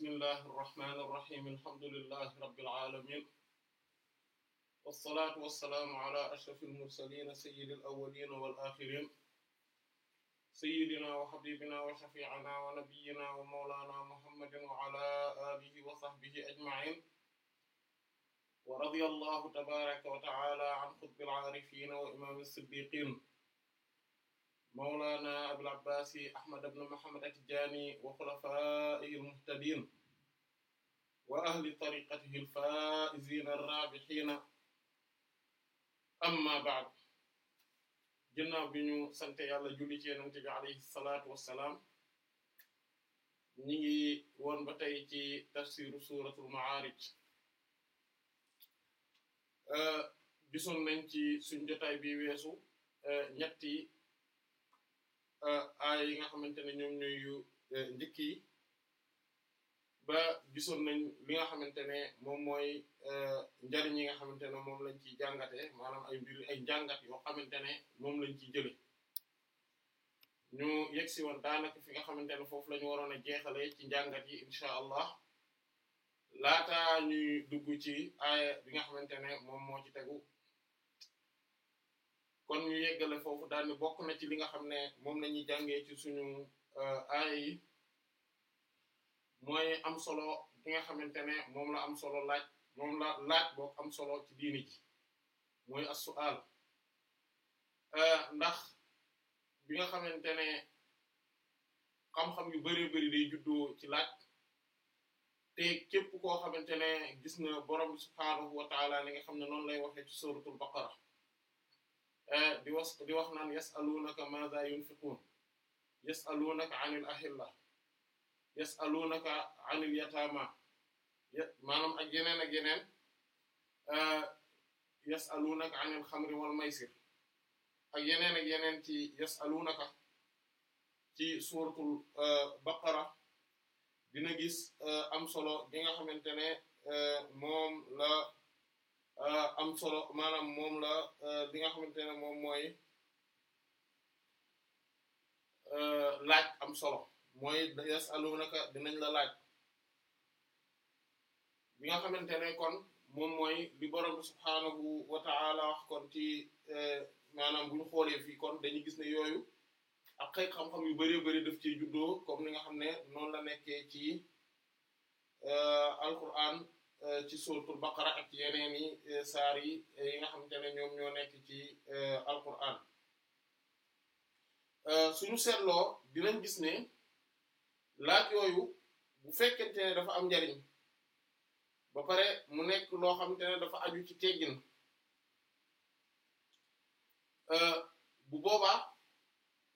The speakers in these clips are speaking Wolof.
bismillahi irrahmani irrahim alhamdulillahi rabbil alamin wassalatu wassalaamu ala ashraf almursalin sayidi alawalin wal axirin sayidina wa xabibina wa shafiana wa nabiyina wa mawlana muhammadin wa ala alihi wa sahbihi ajmain wa radiya allahu tabaraka wa taala an xutbil aarifin wa imam siddiqin mawlana abul abbasi ahmad ibn muhammad a tijani wa khulafaihi al-muhtadin wa ahli tariqatihi al-faizin ar amma ba'd ginnaaw bi ñu sante yàlla julli ci yonent bi alayhi salaatu wassalaam ñi ngi woon ba tey ci tafsiru suratul ma'arij euh, gisoon nañ ci suñ jotaay bi weesu euh, ñetti Euh, aay yi nga xamante ne ñoom ñooy yu euh, njëkk ba gisoon nañ li nga xamante ne moom mooy euh, njariñ yi nga xamante ne moom lañ ciy jàngatee maanaam ay mbir ay njàngat yoo xamante ne moom lañ ciy jële ñu si woon daanaka fi nga xamante ne foofu lañu ñu waroon a jeexale ci njàngat yi incha allah laata ñuy dugg ci aaya bi nga xamante ne moom moo ci tegu kon ñu yeggale foofu daal ni bokk na ci li nga xam ne moom la ñuy jàngee ci suñu euh, aaya yi mooy am solo ki nga xamante ne moom la am solo laaj moom la laaj boog am solo ci diini ji mooy as-su'al euh, ndax bi nga xamante ne xam-xam yu bari bari day juddoo ci laaj te képp koo xamante ne gis na borom subhaanahu wa ta'ala li nga xam ne noonu lay waxee ci suratul baqara Eh, di wax di wax naan yasalunaka maza yunfiqun yasalunaka anil ahilla yasalunaka anil yatama maanaam ak yeneen ak yeneen eh, yasalunaka anil xamri wal maysir ak yeneen ak yeneen ci yasalunaka ci suuratul eh, baqara dina gis am solo gi nga xamante ne la Euh, am solo maanam moom la li euh, nga xamante ne moom mooy euh, laaj am solo mooy yasalunaka dinañ la laaj bi nga xamante ne kon moom mooy li borom bi subhaanahu wa ta'ala wax kon ci maanaam bu ñu xoolee fii kon dañuy gis ne yooyu ak xëy xam-xam yu bëree bëri daf ciy juddoo comme ni nga xam ne noonu la nekkee ci alquran Eh, ci suratul baqara ak ci yeneen i eh, saar yi eh, yi nga xam ne ñoom ñoo nekk ci alquran suñu seetloo dinañ gis ne laaj yooyu bu fekkente ne dafa am njariñ ba pare mu nekk loo xamante ne dafa aju ci teggin bu boobaa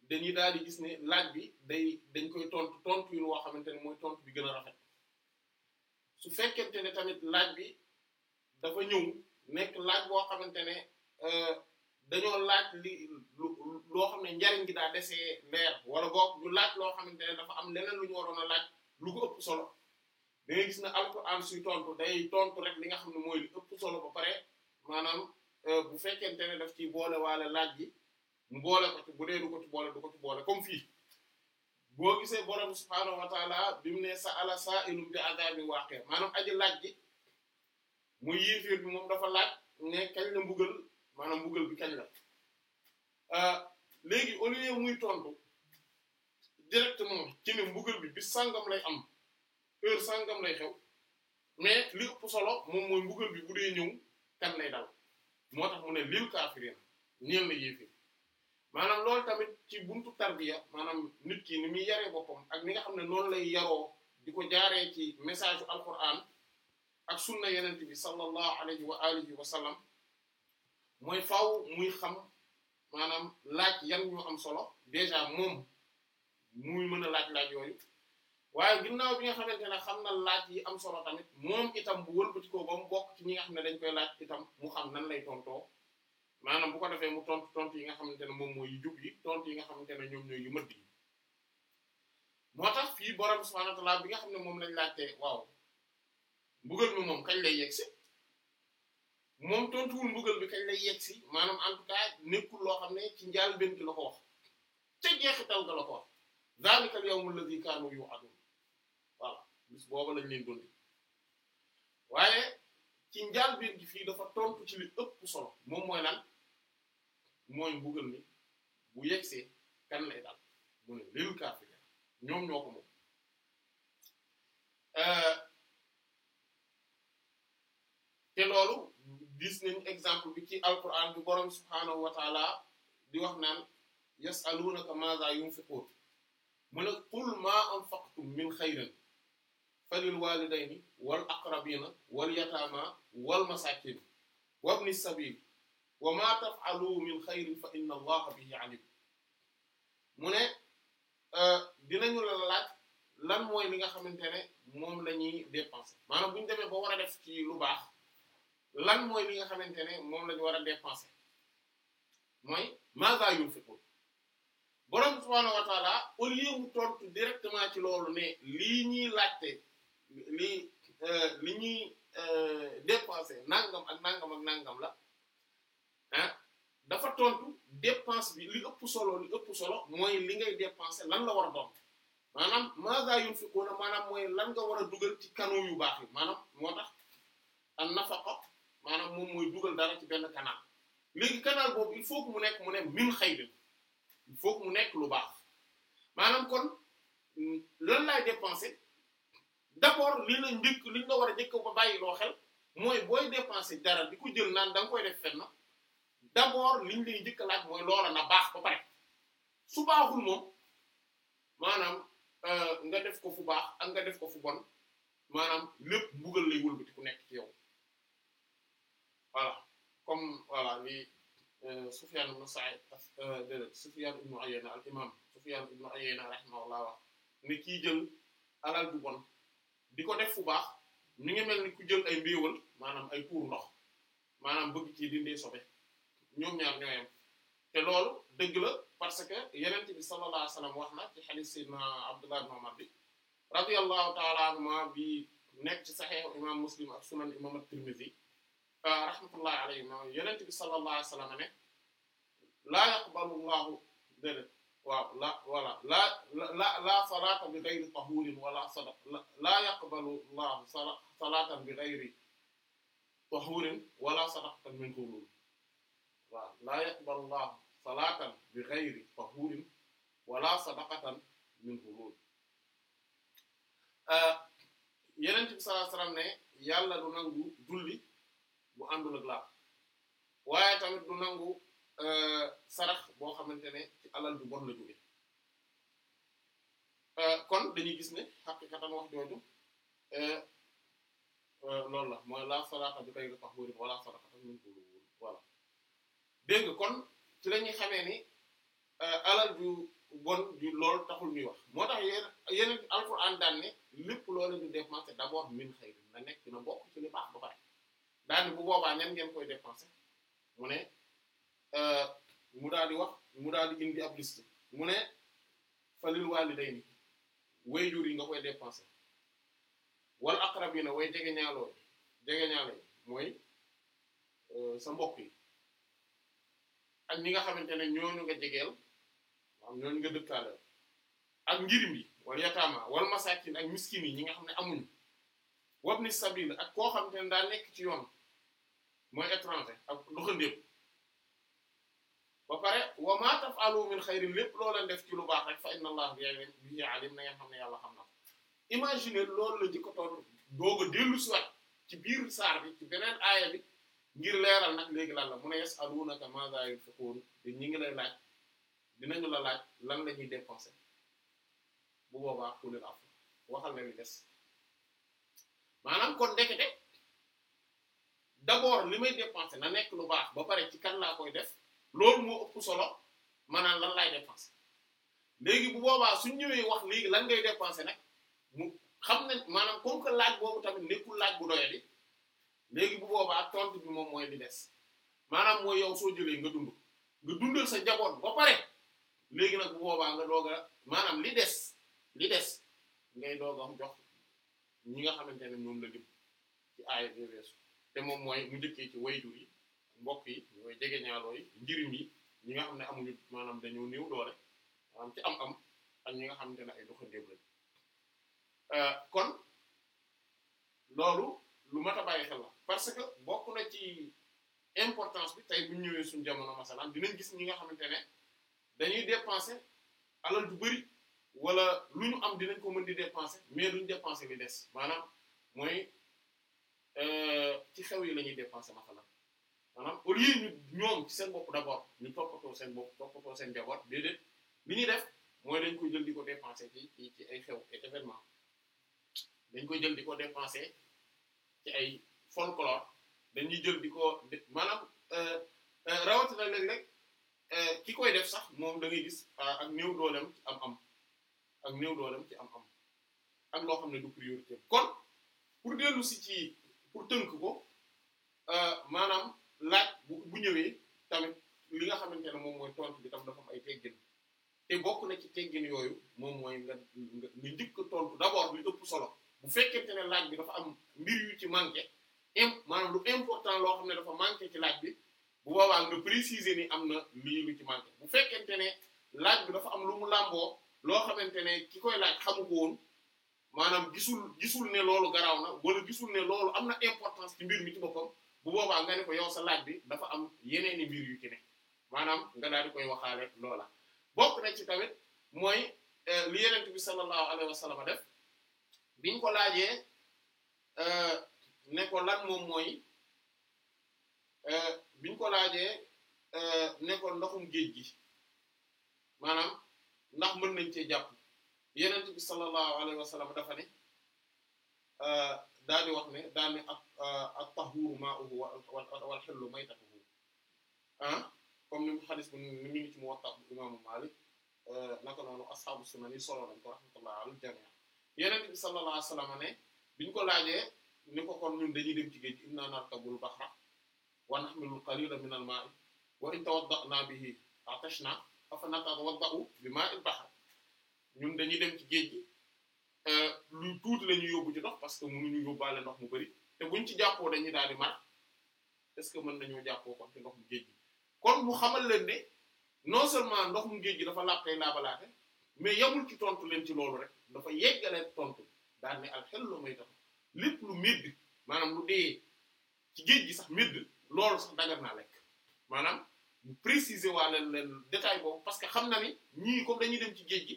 dañuy daal di gis ne laaj bi day dañ koy tontu tont yu loo xamante ne mooy tontu bi gën a rafet. su fekkente ne tamit laaj bi dafa ñëw nekk laaj boo xamante ne euh, dañoo laaj li loo xam ne njariñ gi daa desee leer wala boog ñu laaj loo xamante ne dafa am leneen lu ñu waroon a laaj lu ko ëpp solo da ngay gis ne alquran suy tontu day tontu rek li nga xam ne mooy li ëpp solo ba pare maanaam euh, bu fekkente ne daf ci boole waale laaj bi mu boole ko ci bu dee du ko ci boole du ko ci boole comme fii boo gisee borom subhaanahu wa bi mu nee sa ala saa ilum bi azabin waqi aji laaj ji muy yéeféer bi moom dafa laaj ne kañ la mbugal maanaam mbugal bi kañ la euh, léegi au lieu muy tontu directement ci ne mbugal bi bi sangam lay am eur sàngam lay xew mais li ëpp moom mooy mbugal bi bu dee ñëw kan lay dal moo tax mu ne lil kaafiriin ñeel na yéeféer maanaam lool tamit ci buntu tarbiya maanaam nit kii ni muy yaree boppam ak ni nga xam ne noonu lay yaroo di ko jaaree ci message u alquran ak sunna yenent bi sallallahu alayhi wa alihi wa sallam mooy faaw muy xam maanaam laaj yan ñoo am solo déjà moom muy mën a laaj-laaj yooyu waaye ginnaaw bi nga xamante ne xam na laaj yi am solo tamit moom itam bu wëlbatikoo ba mu bokk ci ñi nga xam ne dañ koy laaj itam mu xam nan lay tontoo maanaam bu ko defee mu tontu tontu yi nga xamante ne moom mooy yu jub yi tontu yi nga xamante ne ñoom ñooy yu mëdd yi moo tax fii borom subhanahu wa bi nga xam ne moom lañ laajtee waaw mbugal mi moom kañ lay yegsi moom tontuwul mbugal bi kañ lay yegsi maanaam en tout cas nekkul loo xam ne ci njaal benn ki la ko wax te taw ga la ko wax zalika al-yawmu alladhi kaanu yu'adun voilà bis booba lañ leen dundi waaye ci njaal benn gi fii dafa tontu ci li ëpp solo moom mooy lan mooy mbugal mi bu yegsee kan lay dal mu ne lil kaafir ñoom ñoo ko moom euh, te loolu gis nañ exemple bi ci alquran bi borom subhaanahu wa di wax naan yasalunaka maza yunfiqun mu ne qul ma anfaqtum min xayrin falil walidayni wal aqrabina wal yatama wal masakin wabni sabil wa maa taf'alu min xayrin fa inna allaha bihi alim mu ne euh, dinañu la laaj lan mooy li nga xamante ne moom lañuy ñuy dépenser maanaam bu ñu demee ba war a def ci lu baax lan mooy li nga xamante ne moom la ñu war a dépenser mooy maaza yunfiqun borom subhaanahu wa taala au tontu directement ci loolu ne lii ñuy laajte lii euh, li ñuy euh, dépenser nangam ak nangam ak nangam la. dépense bi li ëpp solo li ëpp solo mooy li ngay dépenser lan la war a doon maanaam maza yunfiquna maanaam mooy lan nga war a dugal ci canaux yu baax yi maanaam moo tax an opp maanaam moom mooy dugal dara ci benn canal léegi canal boobu il faut que mu nekk mu ne min xayrin il faut mu nekk lu baax maanaam kon lan laay dépenser d'abord li la njëkk li nga war a njëkk ba bàyyi loo xel mooy booy dépenser dara di ko jël naan da nga koy def fenn. d'abord liñ lay njëkk a laaj mooy loola na baax ba pare su baaxul moom maanaam euh, nga def ko fu baax ak nga def ko fu bon maanaam lépp mbugal lay wëlbati ku nekk ci yow voilà comme voilà li euh, Sufyan ibn Sa'id euh, déedéet Sufyan ibn Uyayna al imam Sufyan ibn Uyayna rahimahullah wax ne kii jël alal bi bon di ko def fu baax ni ngi mel ni ku jël ay mbiiwal maanaam ay tuur ndox maanaam bëgg ci dindee sobe ñoom ñaar ñoo yem te loolu dëgg la parce que yenent bi sallallahu alayhi wasallam wax na ci hadith sayyidina Abdullah ibn Umar bi radiyallahu ta'ala anhuma bi nekk ci sahih imam Muslim ak sunan imam at-Tirmidhi rahmatullahi alayhima yenent bi sallallahu alayhi wasallam ne laa yaqbalu llahu déedéet waaw la voilà la la la salata bi ghayri tahurin wala sadaqa laa yaqbalu llahu salatan bi ghayri tahurin wala sadaqatan min hulul waaw laa yaqbal llahu salaatan bi ghayri tahuurin wala sadaqatan min hulul euh, yeneen bi sallallahu alayhi wasallam ne yàlla du nangu julli bu àndul ak laab waaye tamit du nangu euh, sarax boo xamante ne ci alal du bon la jóge euh, kon dañuy gis ne xaqiqatan wax jooju loolu la mooy la salaata bi ghayri tahuurin wala sadaqatan min hulul dégg nga kon ci la ñuy xamee ni euh, alal ju bon ju lool taxul ñuy wax moo tax yéen yeneen alquran daan ne lépp loolu loola ñu dépenser d'abord min xayri na nekk na bokk ci li baax ba pare daal bu boobaa ñan ngeen koy dépenser mu ne euh, mu daal di wax mu daal di indi ab liste mu ne falil walidayni waajur yi nga koy dépenser wal aqrabina way jege ñaaloo jege ñaalo yi mooy euh, sa mbokk yi ak ñi nga xamante ne ñooñu nga jegeel maanaam ñooñu nga dëkkaale ak njirim yi wal yataama wal masakin ak miskin yi ñi nga xam ne amuñ amuñu wabni sabil ak koo xamante ne daa nekk ci yoon mooy étranger ak doxandéem ba pare wa ma taf'alu min xayrin lépp loo leen def ci lu baax rek fa inna allah bihi alim na ngeen xam na ko imagine loolu la jikko toll doog a dellu ci biir saar bi ci beneen aaya bi ngir leeral nag léegi lan la mu ne yas'alunaka maza yunfiqun te ñi ngi lay laaj dinañu la laaj lan la ñuy dépenser bu boobaa kulil afu waxal la li des maanaam kon ndekete d'abord li may dépenser na nekk lu baax ba pare ci kan laa koy def loolu moo solo maanaam lan laay dépenser léegi bu boobaa suñ ñëwee wax léegi lan ngay dépenser nag mu xam ne maanaam comme que laaj boobu tamit nekkul laaj bu doyadi léegi bu boobaa tontu bi moom mooy di des maanaam mooy yow soo jëlee nga dund nga dundal sa njaboot ba léegi nag bu boobaa nga doog a maanaam li des li des ngay doog jox ñi nga xamante ne moom la lim ci aaya te moom mooy mu njëkkee ci wayjur mbokk yi ñooy jege ñaaloo yi yi ñi nga xam ne amuñu maanaam dañoo néew doole maanaam ci am-am ak ñi nga xamante ne ay doxandéem lañ euh, kon loolu. lu mat a bàyyi xel la parce que bokk na ci importance bi tey buñ ñëwee suñu jamono masalan dinañ gis ñi nga xamante ne dañuy dépenser alal du bëri wala lu ñu am dinañ ko mën di dépenser mais duñ dépenser li des maanaam mooy euh, ci xew yi la ñuy dépenser masalan maanaam au lieu ñu ñoom ci seen bopp d'abord ñu toppatoo seen bopp toppatoo seen njaboot déedéet li ñuy def mooy dañ koy jël di ko dépenser ci ci ay xew ay dañ koy jël di ko dépenser ci ay folklore dañuy jël di ko maanaam euh, euh, rawatina léeg-léeg euh, ki koy def sax moom da gis ah, ak néew doolem ci am-am ak néew doolem ci am-am ak loo xam ne du priorité kon pour dellu si ci pour tënk ko maanaam laaj bu bu ñëwee tamit li nga xamante ne moom mooy tontu bi tam dafa am ay teggin te bokk na ci teggin yooyu moom mooy nga nga njëkk tontu d'abord lu ëpp solo. bu fekkente ne laaj bi dafa am mbir yu ci manqué im maanaam lu important loo xam ne dafa manqué ci laaj bi bu boobaa nga préciser ni am na lii lu ci manqué bu fekkente ne laaj bi dafa am lu mu làmboo loo xamante ne ki koy laaj xamu ko woon maanaam gisul gisul ne loolu garaaw na wala gisul ne loolu am na importance ci mbir mi ci boppam bu boobaa nga ne ko yow sa laaj bi dafa am yeneeni mbir yu ci ne maanaam nga daal di koy waxaale loola bokk na ci tamit mooy eh, li yenent bi sallallahu alayhi wa sallam def biñ ko laajee euh, ne ko lan moom mooy euh, biñ ko laajee euh, nekkoon ko ndoxum géej gi maanaam ndax mën nañ cee jàpp yenent bi sallallahu alayhi wa sallam dafa ne daal di wax ne daal ne ak ak tahuru ma'uhu wal hillu maytatuhu ah comme ni mu xadis bi ni mu ngi ci Muwatta bu imaamu Maalik naka noonu ashaabu sunan solo nañ ko rahmatullahi alal yonent bi sallallahu alayhi wasallam ne biñ ko laajee ni ko kon ñun dañuy dem ci géej gi inna narkabul bahra wa nahmilul qalila min al ma'i wa in tawadda'na bihi atashna afa natawadda'u bi ma'il bahr ñun dañuy dem ci géej gi euh, lu tuuti la ñuy yóbbu ci ndox parce que mënuñu yóbbaale ndox mu bari te buñ ci jàppoo dañuy daal di mar est-ce que mën nañoo jàppoo kon ci ndox mu géej gi kon mu xamal leen ne non seulement ndox mu géej gi dafa laaj tey laabalaate mais yamul ci tontu leen ci loolu rek. dafa yeggale tontu daal ne al xellu maytatu lépp lu médd maanaam lu dee ci géej gi sax médd loolu sax dagar naa lekk maanaam mu préciser waale leen détail boobu parce que xam na ni ñii comme dañuy dem ci géej gi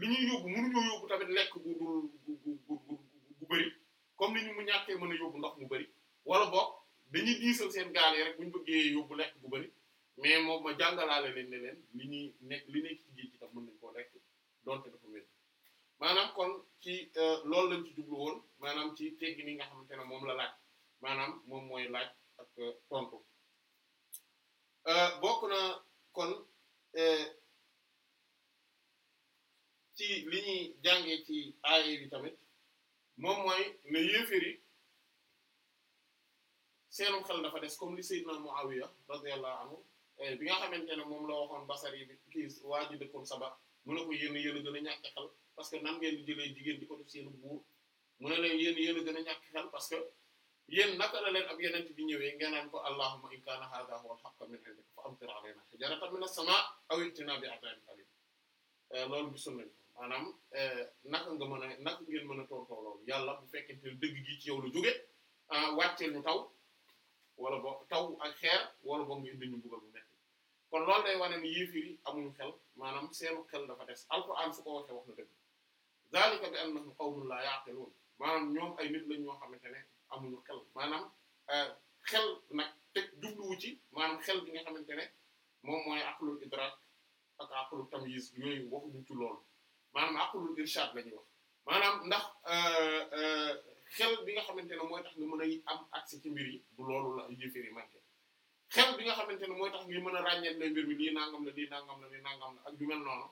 li ñuy yóbbu mu yóbbu tamit lekk gu gu gu bëri comme ni ñu mu ñàkkee mën a yóbbu ndox mu bëri wala boog dañuy diisal seen gaal yi rek bu ñu bëggee yóbbu lekk bu bëri mais moom ma jàngalaale leen leen li ñuy nekk li nekk ci géej gi tax mën nañ koo lekk donte dafa médd maanaam kon ci euh, loolu lañ ci jublu woon maanaam ci teggi ni nga xamante ne moom la laaj maanaam moom mooy laaj ak euh, tontu euh, bokk na kon ci li ñuy jàngee ci aaye bi tamit moom mooy ne yéefér yi seenum xel dafa des comme li ya Muawiya radiyallahu anhu bi nga xamante ne moom la waxoon basar yi bi kii waa ji dëkkoon Saba mu ne ko yénn yéen a gën a ñàkk xel parce que nan ngeen di jëlee jigéen di ko def seen buur mu ne leen yéen yéen a gën a ñàkk xel parce que yéen naka la leen ab yeneen bi ñëwee ngeen naan ko allahumma in kaana hadha huwa al-haqqu min indika fa amtir alayna hijaratan min as-samaa' aw i'tinaa bi 'adhaabin aliim euh, loolu gisul nañu maanaam euh, naka nga mën a naka ngeen mën a tontoo loolu yàlla bu fekkente ne dëgg gi ci yow la jóge euh, wàcceel ñu taw wala bo taw ak xeer wala boog ñu indi ñu buggal bu metti kon loolu day wane ni yéefir yi amuñu xel maanaam seenu xel dafa des alxuraan su ko waxee wax na dëgg zalika bi annahum qawmun la ya'qilun maanaam ñoom ay nit lañ ñoo xamante ne amuñu xel maanaam euh, xel nag teg jubluwu ci maanaam xel bi nga xamante ne moom mooy aqlul idrak ak aqlul tamyiz yooyu waxuñu ci maanaam aqlul irshad la ñuy wax maanaam ndax euh, euh, xel bi nga xamante ne mooy tax nga mën a am mbir yi du loolu la yéeféer yi manqué xel bi nga xamante ne mooy tax nga mën a ràññeet mbir mi lii nangam la lii nangam la lii nangam la ak ju mel noonu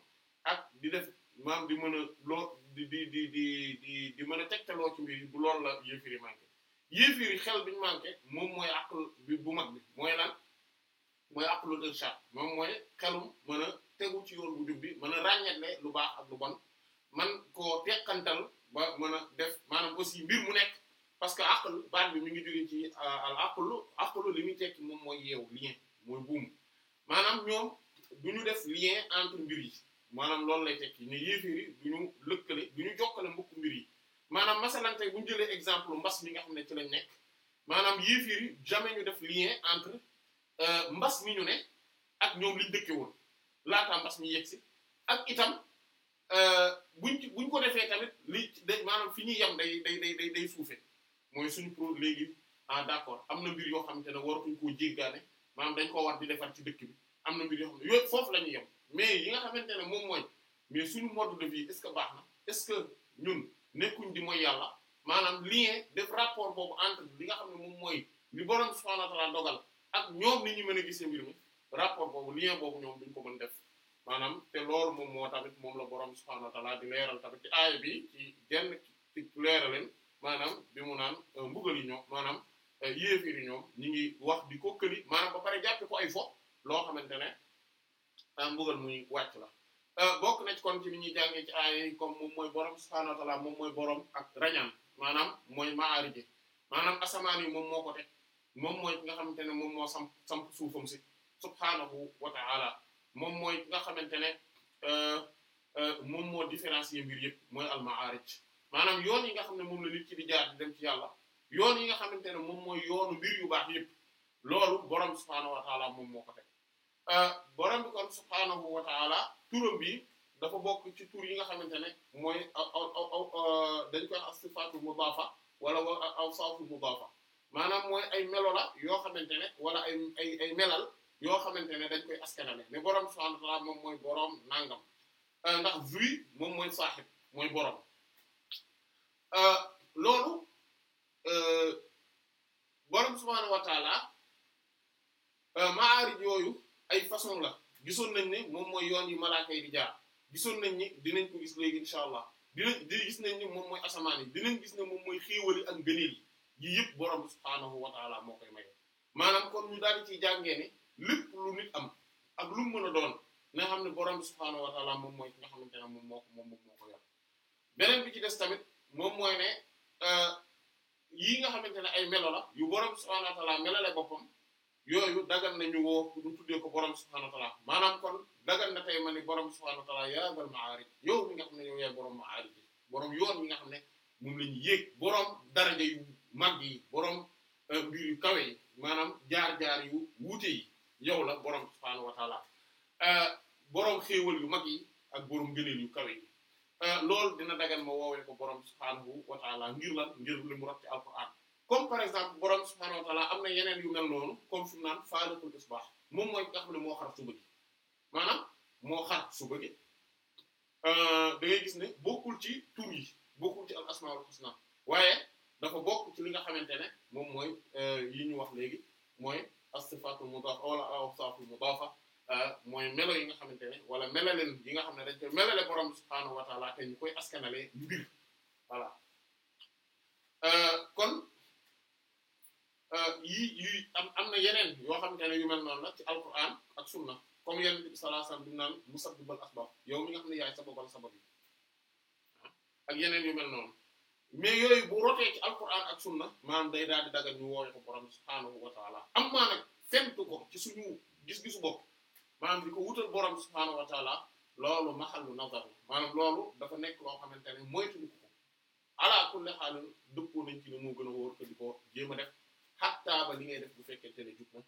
ak di def maam di mën a loo di di di di di di mën a tegtaloo ci mbir bu loolu la yéefir yi manqué yéefir yi xel biñu manqué moom mooy aql bi bu mag bi mooy lan mooy aqlul irshad moom mooy xelum mën a tegu ci yoon bu jub bi mën a ràññetle lu baax ak lu bon man ko teqantal ba mën a def maanaam aussi mbir mu nekk parce que aql baat bi mu ngi jóge ci al aqlu li mu tekki moom mooy yeewu lien mooy buum maanaam ñoom du ñu def lien entre mbir yi maanaam loolu lay tekki ne yéeféer du ñu lëkkale du ñu jokkale mbokk yi maanaam masalan bu ñu jëlee exemple mbas mi nga xam ne ci lañ nekk maanaam yéeféer yi jamais ñu def lien entre euh, mbas mi ñu ne ak ñoom liñ dëkke woon laataa mbas mi yegg si ak itam euh, buñ buñ ko defee tamit li day maanaam fi ñuy yam day day day day suufe mooy suñu pro léegi ah d'accord am na mbir yoo xamante ne waratuñ koo jéggaane maanaam dañ ko war di defar ci dëkk bi am na mbir yoo xam ne yooyu foofu la ñuy yem mais yi nga xamante ne moom mooy mais suñu mode de vie est-ce que baax na est-ce que ñun nekkuñ di mooy yàlla maanaam lien def rapport boobu entre li nga xam ne moom mooy li borom subhaanahu wa ta'aala dogal ak ñoom ni ñu mën a gisee mbir mi rapport boobu lien boobu ñoom duñ ko mën def maanaam te loolu moom moo tamit moom la borom subhaanahu wa ta'aala di leeral tamit ci aaya bi ci genn ci leeraleen maanaam bi mu naan euh, mbugal yi ñoom maanaam euh, yéefir yi ñoom ñi ngi wax di ko këli maanaam ba ko ay fo loo xamante ne mbugal mu wàcc la euh, bokk na ci kon ñuy jàngee ci aaya yi moom mooy borom subhaanahu wa moom mooy borom ak rañaan maanaam mooy maarije maanaam asamaan yi moom moo ko teg moom mooy nga xamante ne moom moo samp samp suufam si subhaanahu wa ta'aala moom mooy ki xamante ne euh, euh, moom moo différencier mbir yëpp mooy al maarij maanaam yoon yi nga xam ne moom la nit ci bi jaar di ci yàlla yoon yi nga xamante ne moom mooy yoonu mbir yu baax yëpp loolu borom subhaanahu wa ta'aala moom moo ko teg Euh, borom bi kon subhaanahu wa taala bi dafa bokk ci tur yi nga xamante ne mooy euh, dañ koy wax sifaatul mudaafa wala wa awsaaful mudaafa maanaam mooy ay melo la yoo xamante ne wala ay ay ay melal yoo xamante ne dañ koy askanale ne borom subhaanahu moom mooy borom nangam euh, ndax zuy moom mooy saaxib mooy borom loolu borom subhaanahu wa yooyu. ay façon la gisoon nañ ne moom mooy yoon yi malaaka yi di jaar gisoon nañ ni dinañ ko gis léegi incha allah dinañ di gis nañ ni moom mooy asamaan yi dinañ gis ne moom mooy xéewali ak ngëneel yi yëpp borom bi subhaanahu wa taala moo koy maye maanaam kon ñu daal di ciy jàngee ne lépp lu nit am ak lu mu mën a doon na xam ne borom bi subhaanahu wa taala moom mooy ki nga xamante ne moom moo ko moom moo ko yor beneen bi ci des tamit moom mooy ne euh, yii nga xamante ne ay melo la yu borom bi subhaanahu wa taala melale boppam yooyu dagan nañu woo ñu tuddee ko borom subhaanahu wa ta'ala maanaam kon dagan na tey ma ni boroom subhaanahu wa ta'ala yaa zal ma'aarij yow mi nga xam ne yow yaay borom ma'aarij borom yoon mi nga xam ne moom la ñu yéeg borom daraja yu mag yi boroom euh, mbir yu kawe yi maanaam jaar-jaar yu wuute yi yow la borom subhaanahu wa ta'ala euh, borom xéewal yu mag yi ak borom gëneel yu kawe yi. Euh, lool dina dagan ma woowee ko borom subhaanahu wa ta'ala ngir lan ngir li mu rot ci comme par exemple borom subhaanahu wa am na yeneen yu mel noonu comme fi mu naan faaliqul isbaah moom mooy nga xam ne moo xar suba gi moo xar suba gi euh, da gis ne bokkul ci tur yi bokkul ci al asmaul husna waaye dafa li nga xamante ne moom mooy euh, yi ñu wax léegi mooy as-sifaatul mudaafa wala awsaatul mudaafa euh, mooy melo yi nga xamante ne wala melaleen yi nga xam ne dañ koy melale borom subhaanahu wa te ñu koy askanale mbir voilà kon. Euh, yii yii am am na yeneen yoo xamante ne yu mel noonu la ci alquran ak sunna comme yeneen bi sallallahu alayhi wasallam bi naan musabbibal asbab yow mi nga xam ne yaay sababal sabab yi ak yeneen yu mel noonu mais yooyu bu rotee ci alquran ak sunna maanaam day daal di dagal ñu woowe ko borom subhaanahu wa am maa nag ko ci suñu gis-gisu bopp maanaam di ko wutal borom subhaanahu wa taala ma maxallu nazar maanaam loolu dafa nekk loo xamante ne moytuñu ko ala kulli nañ ci ne moo gën a wóor te ko jéem a def xattaa ba li ngay def bu fekkente ne jub na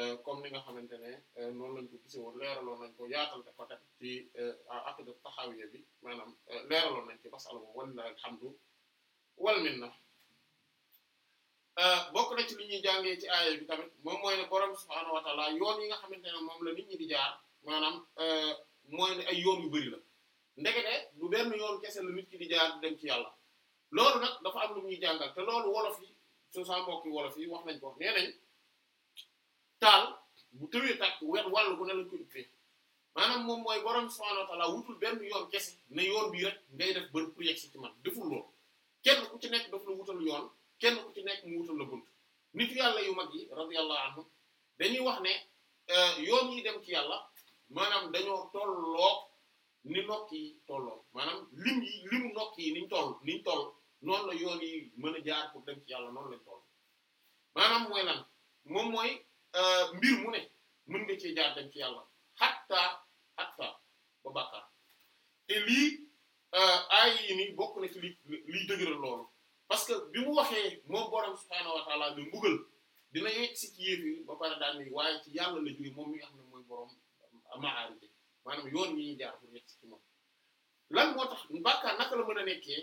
euh, comme ni nga xamante ne euh, noonu lañ ko gisee woon leeraloon nañ ko yaatal ko côté ci euh, aqida taxawiya bi maanaam leeraloon nañ ci masala boobu walilahi alhamdu wal minna bokk na ci li ñuy jàngee ci aaya bi tamit moom mooy ne yoon yi nga xamante ne moom la nit ñi di jaar maanaam mooy ne ay yoon yu bari la ndekete du benn yoon kese la nit ki di jaar di dem ci yàlla loolu nag dafa am lu ñuy jàngal te loolu wolof yi su sama mbokki wolof yi wax nañ ko nee taal bu tëwee tàkk wet wàll bu ne lañ ko ubbee maanaam moom mooy borom subhanahu wa wutul benn yoon kese ne yoon bii rek ngay def bër pour yegg ci man deful loolu kenn ku ci nekk daf la wutal yoon kenn ku ci nekk mu wutal la bunt nit yàlla yu mag yi radiyallahu anhum dañuy wax ne euh, yoon yi dem ci yàlla maanaam dañoo tolloo ni nokk yi tolloo maanaam lim yi limu nokk yi niñ toll niñ toll noonu la yoon yi mën a jaar pour dem ci yàlla noonu lañ toll maanaam mooy lan moom mooy euh, mbir mu ne mën nga cee jaar dem ci yàlla hatta hatta ba bàkkaar te lii euh, aay yi ni bokk na ci li liy dëgëral loolu parce que bi mu waxee moo borom subhaanahu wa taala ne mbugal dina yegg si ci yéef yi ba pare daan ni waaye ci yàlla la jóge moom mi nga xam ne mooy borom maari bi maanaam yoon yi ñuy jaar pour yegg si ci moom lan moo tax bàkkaar naka la mën a nekkee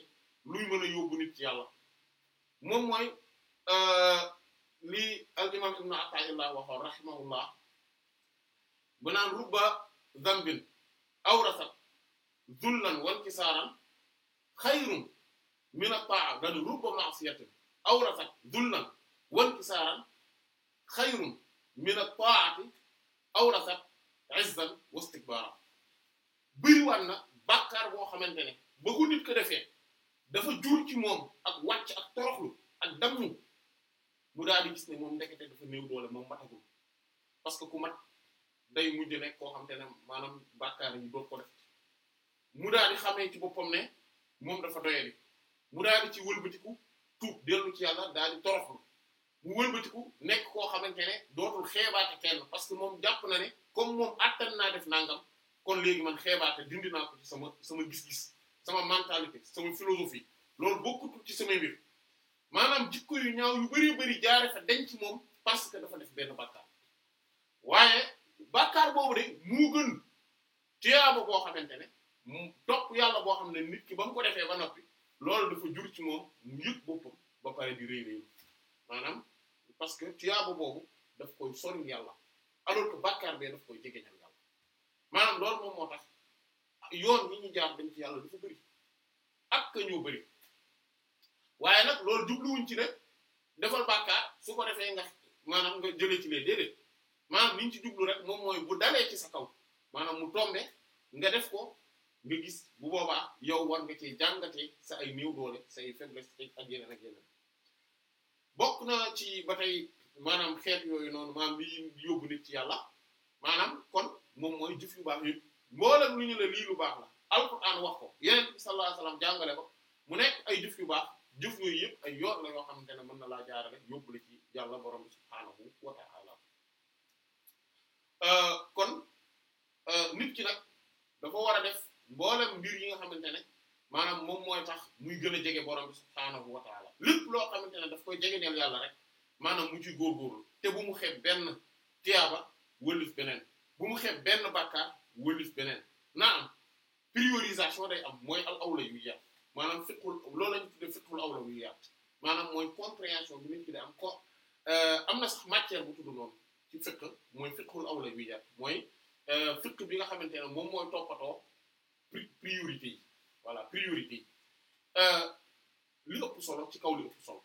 luy mën a yóbbu nit ci yàlla moom mooy euh, lii al imam ibn Ata'illah waxoon rahimahullah bu naan rubba zambin awrasat zullan wan kisaaran xayrun min at-ta'a dan rubba ma'siyatin awrasat zullan wan kisaaran xayrun min at-ta'ati awrasat izzan wa istikbaara bëriwaat na bàkkaar boo xamante ne ba ko nit ko defee dafa jur ci moom ak wàcc ak toroxlu ak dammu mu daal di gis ne moom ndekete dafa néew doole moom matagul parce que ku mat day mujj nekk koo xam te ne maanaam bàkkaar yi doo ko def mu daal di xamee ci boppam ne moom dafa doyadi mu daal di ci wëlbatiku tuub dellu ci yàlla daal di toroxlu mu wëlbatiku nekk koo xamante ne dootul xeebaate kenn parce que moom jàpp na ne comme moom attan naa def nangam kon léegi man xeebaate dindi naa ko ci sama sama gis-gis sama mentalité sama philosophie loolu bokkutul ci sama mbir maanaam jikko yu ñaaw yu bari bëri jaare fa denc moom parce que dafa def benn bàkkaar waaye bàkkaar boobu de mu gën tiyaaba boo xamante ne mu topp yàlla boo xam ne nit ki ba mu ko defee ba noppi loolu dafa jur ci moom mu yëg boppam ba pare di rëy rëy maanaam parce que tiyaaba boobu daf koy sori yàlla alors que bàkkaar bee daf koy jegeñal yàlla maanaam loolu moom moo tax yoon yi ñu jaar dañ ci yàlla dafa bëri ak ka ñoo bëri waaye nag loolu jubluwuñ ci ne defal bàkkaar su ko defee nga maanaam nga jëlee ci lee déedéet maanaam liñ ci jublu rek moom mooy bu dalee ci sa kaw maanaam mu tombe nga def ko nga gis bu boobaa yow war nga cee jàngatee sa ay néew doole sa ay faiblesse ak yeneen ak yeneen bokk na ci ba tey maanaam xeet yooyu noonu maanaam liy yóbbu nit ci yàlla maanaam kon moom mooy jëf yu baax mboolem lu ñu ne lii lu baax la alquran wax ko yeneen bi sallallahu jàngale ko mu nekk ay jëf yu baax jëf yooyu yëpp ay yoon la yoo xamante ne mën na laa jaarale yóbbu la ci yàlla borom bi subhaanahu wa ta'ala euh, kon euh, nit ki nag dafa war a def mboolem mbir yi nga xamante ne maanaam moom mooy tax muy gën a jege borom bi subhaanahu wa ta'ala loo xamante daf koy jege neel yàlla rek maanaam mu ci góorgóorlu te bu mu xeeb benn tiyaaba wëlif beneen bu mu xeeb benn bàkkaar wëlif beneen naa am priorisation day am mooy al awla yu yaat maanaam fiqul loolu lañu tuddee fiqul awla yu yaat maanaam mooy compréhension bi nit ki am ko euh, am na sax matière bu tudd noonu ci awla yu yaat mooy euh, fiq bi nga xamante ne moom mooy toppatoo priorité yi voilà priorité yi euh, li ëpp solo ci kaw li ëpp solo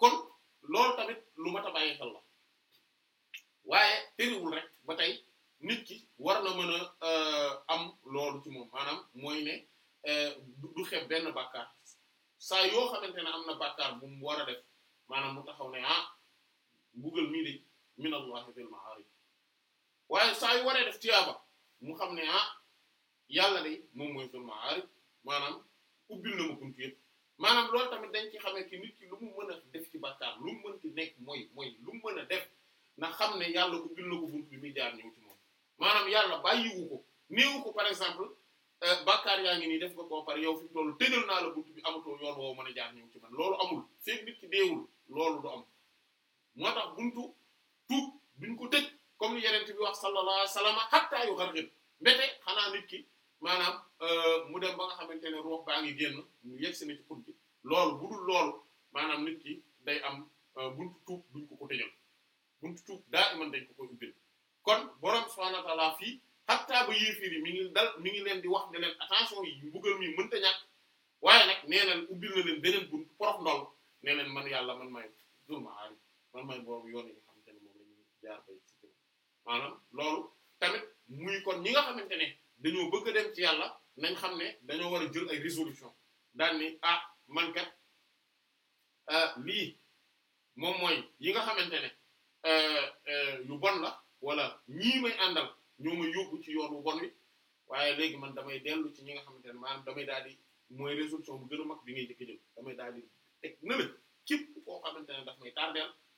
kon loolu tamit lu mat a xel la waaye tëriwul rek ba tey nit ki war na mën a euh, am loolu ci moom maanaam mooy ne euh, du xeeb benn bàkkaar saa yoo xamante ne am na bàkkaar bu mu war a def maanaam mu taxaw ne ah mbugal mii de min Allah bil ma'arif waaye saa yu waree def tiyaaba mu xam ne ah yàlla de moom mooy bil ma'arif maanaam ubbil na ma kuntu yëpp maanaam lool tamit dañ ci xamee ki nit ki lu mu mën a def ci bàkkaar lu mu mën ci nekk mooy mooy lu mën a def na xam ne yàlla ubbil na ko buntu bi muy jaar ñëw maanaam yàlla bàyyiwu ko néewu ko par exemple euh, bàkkaar yaa ngi nii def nga koo pare yow fi mu toll naa la bunt bi amatoo yoon woo mën a jaar ñëw ci man loolu amul feeg nit ki deewul loolu du am moo tax buntu tuub duñ ko tëj comme ni yeneen bi wax sallallahu alayhi wasallam hatta yu xarxin mbete xanaa nit ki maanaam euh, mu dem ba nga xamante ne baa ngi génn mu yegg si bi loolu bu dul maanaam nit ki day am euh, buntu tuub duñ ko ko tëjal buntu tuub daa iman dañ ko koy ubbil kon borom subhaanahu wa ta'aala fii hatta ba yéefiir yi mi ngi dal mi ngi leen di wax ne leen attention yi mbugal mi mënta ñàkk waaye nag nee na ubbil na leen beneen bunt porof ndol nee leen man yàlla man may dul ma aari man may boobu yoon yi nga xamante ne moom la ñuy jaar bay ci maanaam loolu kon ñi nga xamante ne dañoo bëgg a dem ci yàlla nañ xam ne dañoo war a jël ay résolution daal ni ah man kat ah, lii moom mooy yi nga xamante ne euh, euh, yu bon la wala ñii may àndal ñoo may yóbbu ci yoon wu bon wi waaye léegi man damay dellu ci ñi nga xamante ne maanaam damay daal di mooy résolution bu gën a mag bi ngay jëkk jël damay daal di teg nële képp koo xamante ne daf may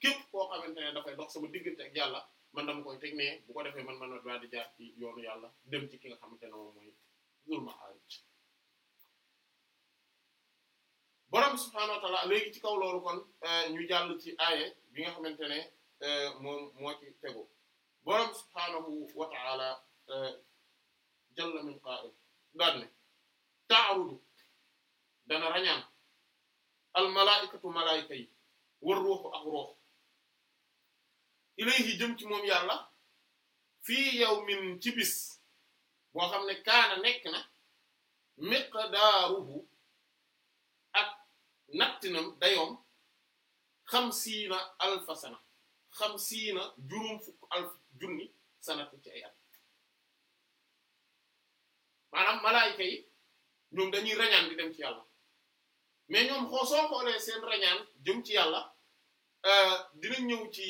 képp koo xamante ne dafay dox sama diggante ak yàlla man dama koy teg bu ko defee man man daal di jaar ci yoonu yàlla dem ci ki nga xamante ne moom mooy zul ma'arij borom subhaanahu wa ta'ala léegi ci kaw loolu kon euh, ñu jàll ci aaye bi nga xamante ne euh, moom moo ci tegu borom subhaanahu wa ta'ala eh, jalla min qaa'il daan ne ta'arudu dana rañaan al malaa'ikatu malaa'ika yi war ruuxu ak ruux ilayhi jëm ci moom yàlla fii yawmin ci bis boo xam ne kaana nekk na miqdaaruhu ak nattinam dayoom xamsiina alfa sana xamsiina juróom fukk alf junni sanatu ci ay at maanaam malaayika yi ñoom dañuy rañaan di dem ci yàlla mais ñoom xoo xoolee seen rañaan jëm ci yàlla euh, dina ñëw ci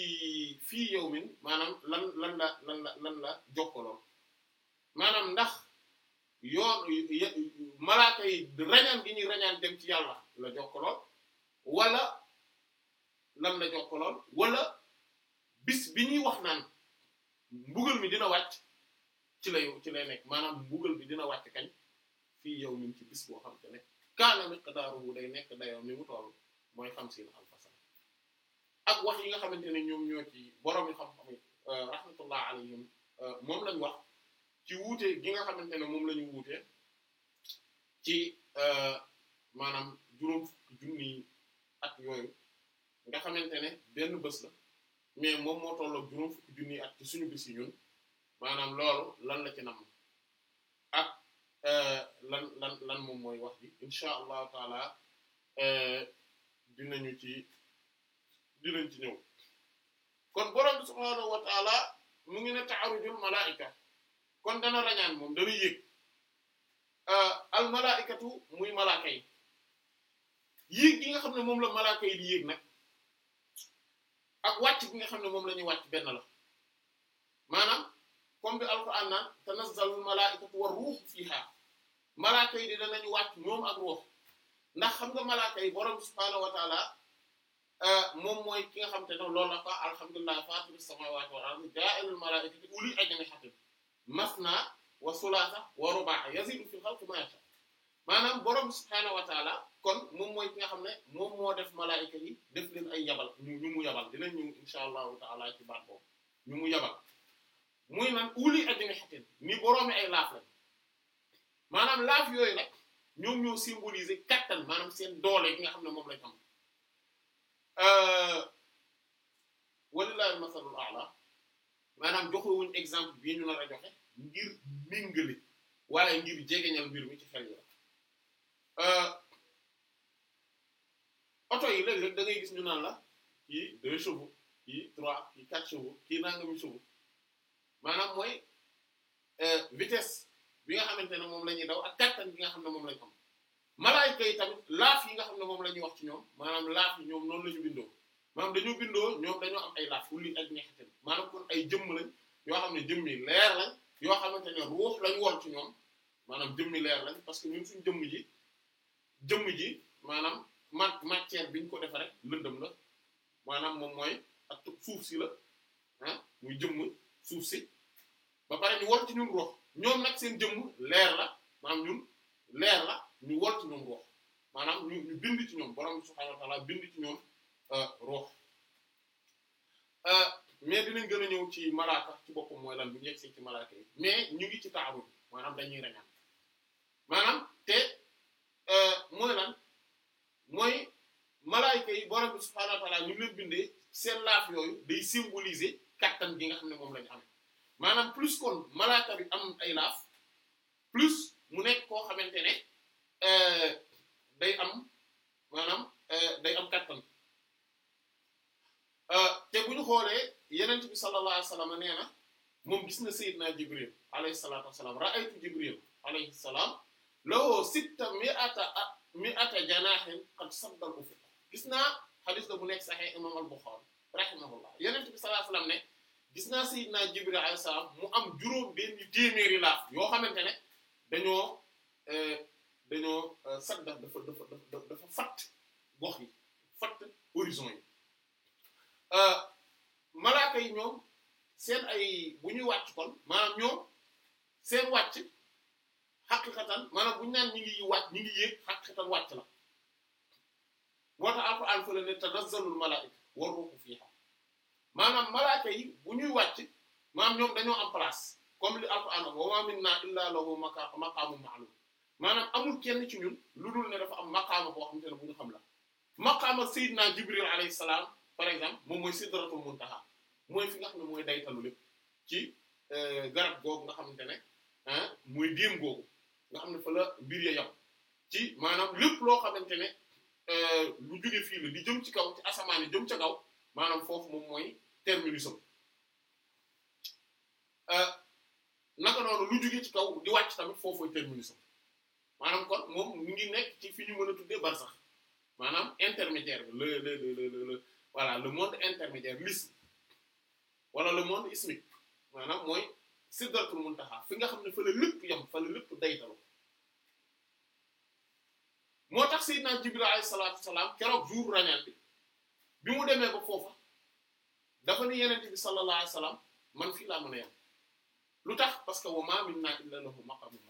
fii yow min maanaam lan lan la lan la la jokkaloon maanaam ndax yoon malaaka yi rañaan gi ñuy rañaan dem ci yàlla la jokkaloon wala lan la jokkaloon wala bis bi ñuy wax naan mbugal mi dina wàcc ci lay ci lay nekk maanaam mbugal bi dina wàcc kañ fii yow min ci bis boo xam te ne kaana miqdaaruhu day nekk dayoo mi mu toll mooy xamsiina alfa sana ak wax yi nga xamante ne ñoom ñoo ci borom yi xam-xam yi euh, rahmatullah euh, moom lañ wax ci wuute gi nga xamante ne moom la ñu ci euh, maanaam juróom fukki junni at yooyu nga xamante ne benn bés la mais moom moo tolloog juróom fukki junniy at ci suñu bis yi ñun maanaam loolu lan la ci nam ak euh, lan lan lan moom mooy wax bi incha allahu taala euh, dinañu ci dinañ ci ñëw kon borom bi subhaanahu wa mu ngi ne taarujul malaika kon dana rañaan moom dana yéeg euh, al malaikatu muy malaaka yi yéeg gi nga xam ne moom la malaaka yi di yéeg nag ak wàcc bi nga xam ne moom la ñuy wàcc benn la maanaam comme bi alquran naan tanazzalul malaa'ikatu war ruux fiha malaaka yi di danañu wàcc ñoom ak ruux ndax xam nga malaaka yi borom subhaanahu euh, moom mooy ki nga xam te ne loolu la fa alhamdulillah faatiru samaawaati wal ardi jaa'ilul malaa'ikati uli ajnihatin masna wa sulaasa wa rubaa yazidu fil xalqi maa yashaa maanaam borom subhaanahu wa kon moom mooy ki nga xam ne moom moo def malaayika yi def leen ay yabal ñu ñu mu yabal dinañ ñu insha allahu taala ci baat ñu mu yabal muy naan uli addina xatin ni boroomi ay laaf lañ maanaam laaf yooyu nag ñoom ñoo symboliser kattan maanaam seen doole ki nga xam ne moom lañ am euh, walillahi masalul a'la maanaam joxewuñ exemple bii ñu nar a ngir mingale waaye ngir jegeñal mbir mi ci xel yi oto yi gis ñu naan la kii deux chevaux kii trois kii quatre chevaux kii nangami chevaux maanaam euh, bi nga xamante ne moom la ñuy daw ak kattan bi nga xam ne moom la ñu am malaayika yi tamit laaf yi nga xam ne moom la ñuy wax ci ñoom maanaam laaf yi ñoom noonu la ñu bindoo maanaam dañoo bindoo ñoom dañoo am ay laaf wulli ak ñexeten maanaam kon ay jëmm lañ yoo xam ne jëmm yi leer yoo xamante ne ruux lañ woon ci ñoom maanaam jëmmi leer lañ parce que ñun suñu jëmm ji jëmm ji maanaam man matière bi ñu ko defaree rek lëndëm la maanaam moom mooy ak suuf si la ah, muy jëmm suuf si ba pare ñu war ci ñun rox ñoom nag seen jëmm leer la maam ñun leer la ñu war ci ñoom rox maanaam ñu bind ci ñoom borom subhaanahu wa ta'aala bind ci ñoom euh, rox euh, mais dinañ gën a ñëw ci malaaka ci boppam mooy lan bu ñu yegsee ci malaaka yi mais ñu ngi ci taaru maanaam dañuy reñaan maanaam te euh, mooy lan mooy malaayka yi borom bi subhaanahu wa ta'aala ñu leen bindee seen laaf yooyu day symboliser kattan bi nga xam ne moom lañu amee maanaam plus kon malaaka bi am ay laaf plus mu nekk koo xamante ne euh, day am maanaam euh, day am kattan euh, te bu ñu xoolee yenent bi sallallahu alayhi wasallam nee moom gis na sayyidina jibril alayhi salatu wassalam ra'aytu jibril alayhi salam law sitta mi'ata mi ata janaahin qad saddal ufuq gis naa xadis la bu nekk saxee imam al Buxaari rahimahullah yonent bi sallallahu alayhi ne gis naa sayyidina Jibril alayhi salaam mu am juróom benn téeméeri laaf yoo xamante ne dañoo eh, dañoo eh, saddal dafa dafa dafa dafa fatt gox yi fatt horizon yi eh, malaaka yi ñoom seen ay bu ñuy wàcc kon maanaam ñoom seen wàcc xaqiqatan maanaam bu ñu naan ñi ngi wàcc ñi ngi yéeg xaqiqatan wàcc la moo tax alquran fële ne tanazzalul malaa'ika war ruuhu fiiha maanaam malaaka yi bu ñuy wàcc maanaam ñoom dañoo am place comme li alquran wa maa minnaa illaa lahu maqaamun ma'luum maanaam amul kenn ci ñun lu dul ne dafa am maqaama boo xamante ne bu ñu xam la makaama maqaama naa jibril alayhi salaam par exemple moom mooy sidratul muntaha mooy fi nga xam ne mooy daytalu lépp ci euh, garab googu nga xamante ne ah mooy déem nga xam ne fa la mbir ya yam ci maanaam lépp loo xamante ne euh, lu jóge fii la di jëm ci kaw ci asamaan yi jëm ca kaw maanaam foofu moom mooy terminusam euh, naka noonu lu jóge ci kaw di wàcc tamit foofu mooy maanaam kon moom mu ngi nekk ci fi ñu mën a tuddee sax maanaam intermédiaire bi le le le le voilà le monde intermédiaire l'isthme wala le monde ismique maanaam mooy sidratul muntaha fi nga xam ne fa la lépp yam fa la lépp daytalu moo tax Seydina Jibril alayhi salaatu salaam keroog jour rañaan bi bi mu demee ba foofa dafa ni yenente bi sallallahu alayhi man fii laa mën a yem lu tax parce que wa ma minna illa lahu maqaamun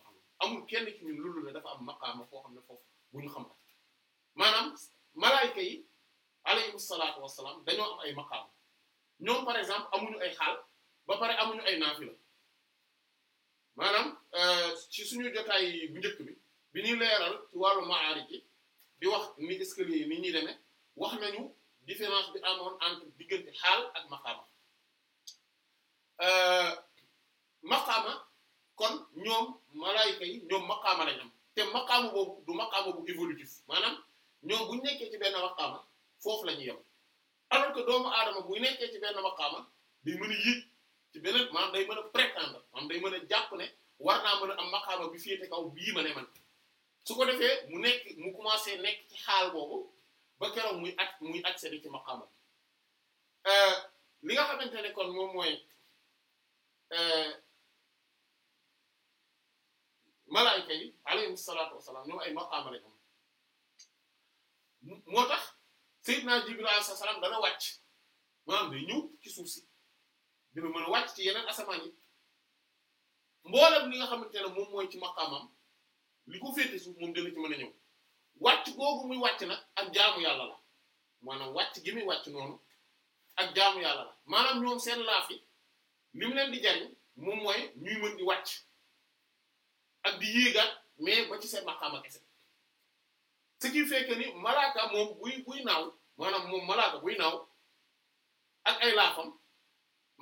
amul kenn ci ñun loolu ne dafa am maqaama foo xam ne foofu bu ñu xam la maanaam malaayika yi alayhim salaatu wasalaam dañoo am ay maqaama ñoom par exemple amuñu ay xaal ba pare amuñu ay la maanaam euh, ci suñu jotaay bu njëkk bi bi ñuy leeral ci wàllu maari ji di wax ni escalier yi ni ñuy demee wax nañu différence bi amoon entre diggante xaal ak maqaama euh, maqaama kon ñoom malaayika yi ñoom maqaama lañ am te maqaama boobu du maqaama bu évolutif maanaam ñoom bu ñu nekkee ci benn maqaama foofu la ñuy yem alors que doomu aadama bu nekkee ci benn maqaama day mën a yéeg ci beneen maanaam day mën a prétendre maanaam day mën a jàpp ne war naa mën a am maqaama bi féete kaw bii ma ne man. su ko defee mu nekk mu commencé nekk ci xaal boobu ba keroog muy ak muy accéder ci maqaamam euh, li nga xamante ne kon moom mooy euh, malaayika yi alayhim salaatu wasalaam ñoom ay maqaama lañ moo tax Seydina Jibril sa salaam dana wàcc maanaam day ñëw suuf si dina mën a wàcc ci yeneen asamaan yi mboolem li nga xamante ne moom mooy ci maqaamam li ko féete su moom dina ci mën a ñëw wàcc googu ak jaamu yàlla la wàcc gi muy wàcc noonu ak jaamu yàlla la maanaam ñoom seen laafi li mu leen di jariñ moom mooy ñuy mën di wàcc ak di yéegaat mais ba ci seen maqaama kese ce qui fait que ni malaaka moom buy buy naaw maanaam moom malaaka buy naaw ak ay laafam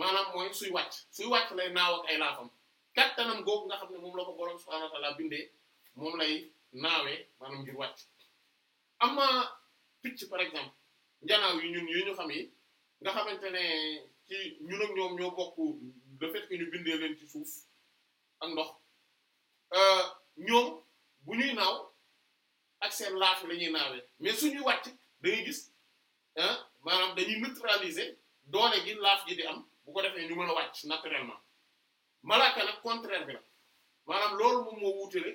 maanaam mooy suy wàcc suy wàcc lay naaw ak ay laafam kattanam googu nga xam ne moom la ko boroom subhaanahu bindee moom lay naawee maanaam ngir wàcc am na picc par exemple njanaaw yi ñun yi ñu xam yi nga xamante ne ci ñun ak ñoom ñoo bokk le fait que ñu bindee leen ci suuf ak ndox euh, ñoom bu ñuy naaw ak seen laaf la ñuy naawee mais suñuy wàcc dañuy gis ah maanaam dañuy neutraliser doole gi laaf gi di am bu ko defee ñu mën a wàcc naturellement malaaka nag contraire bi la maanaam loolu moom moo wuutale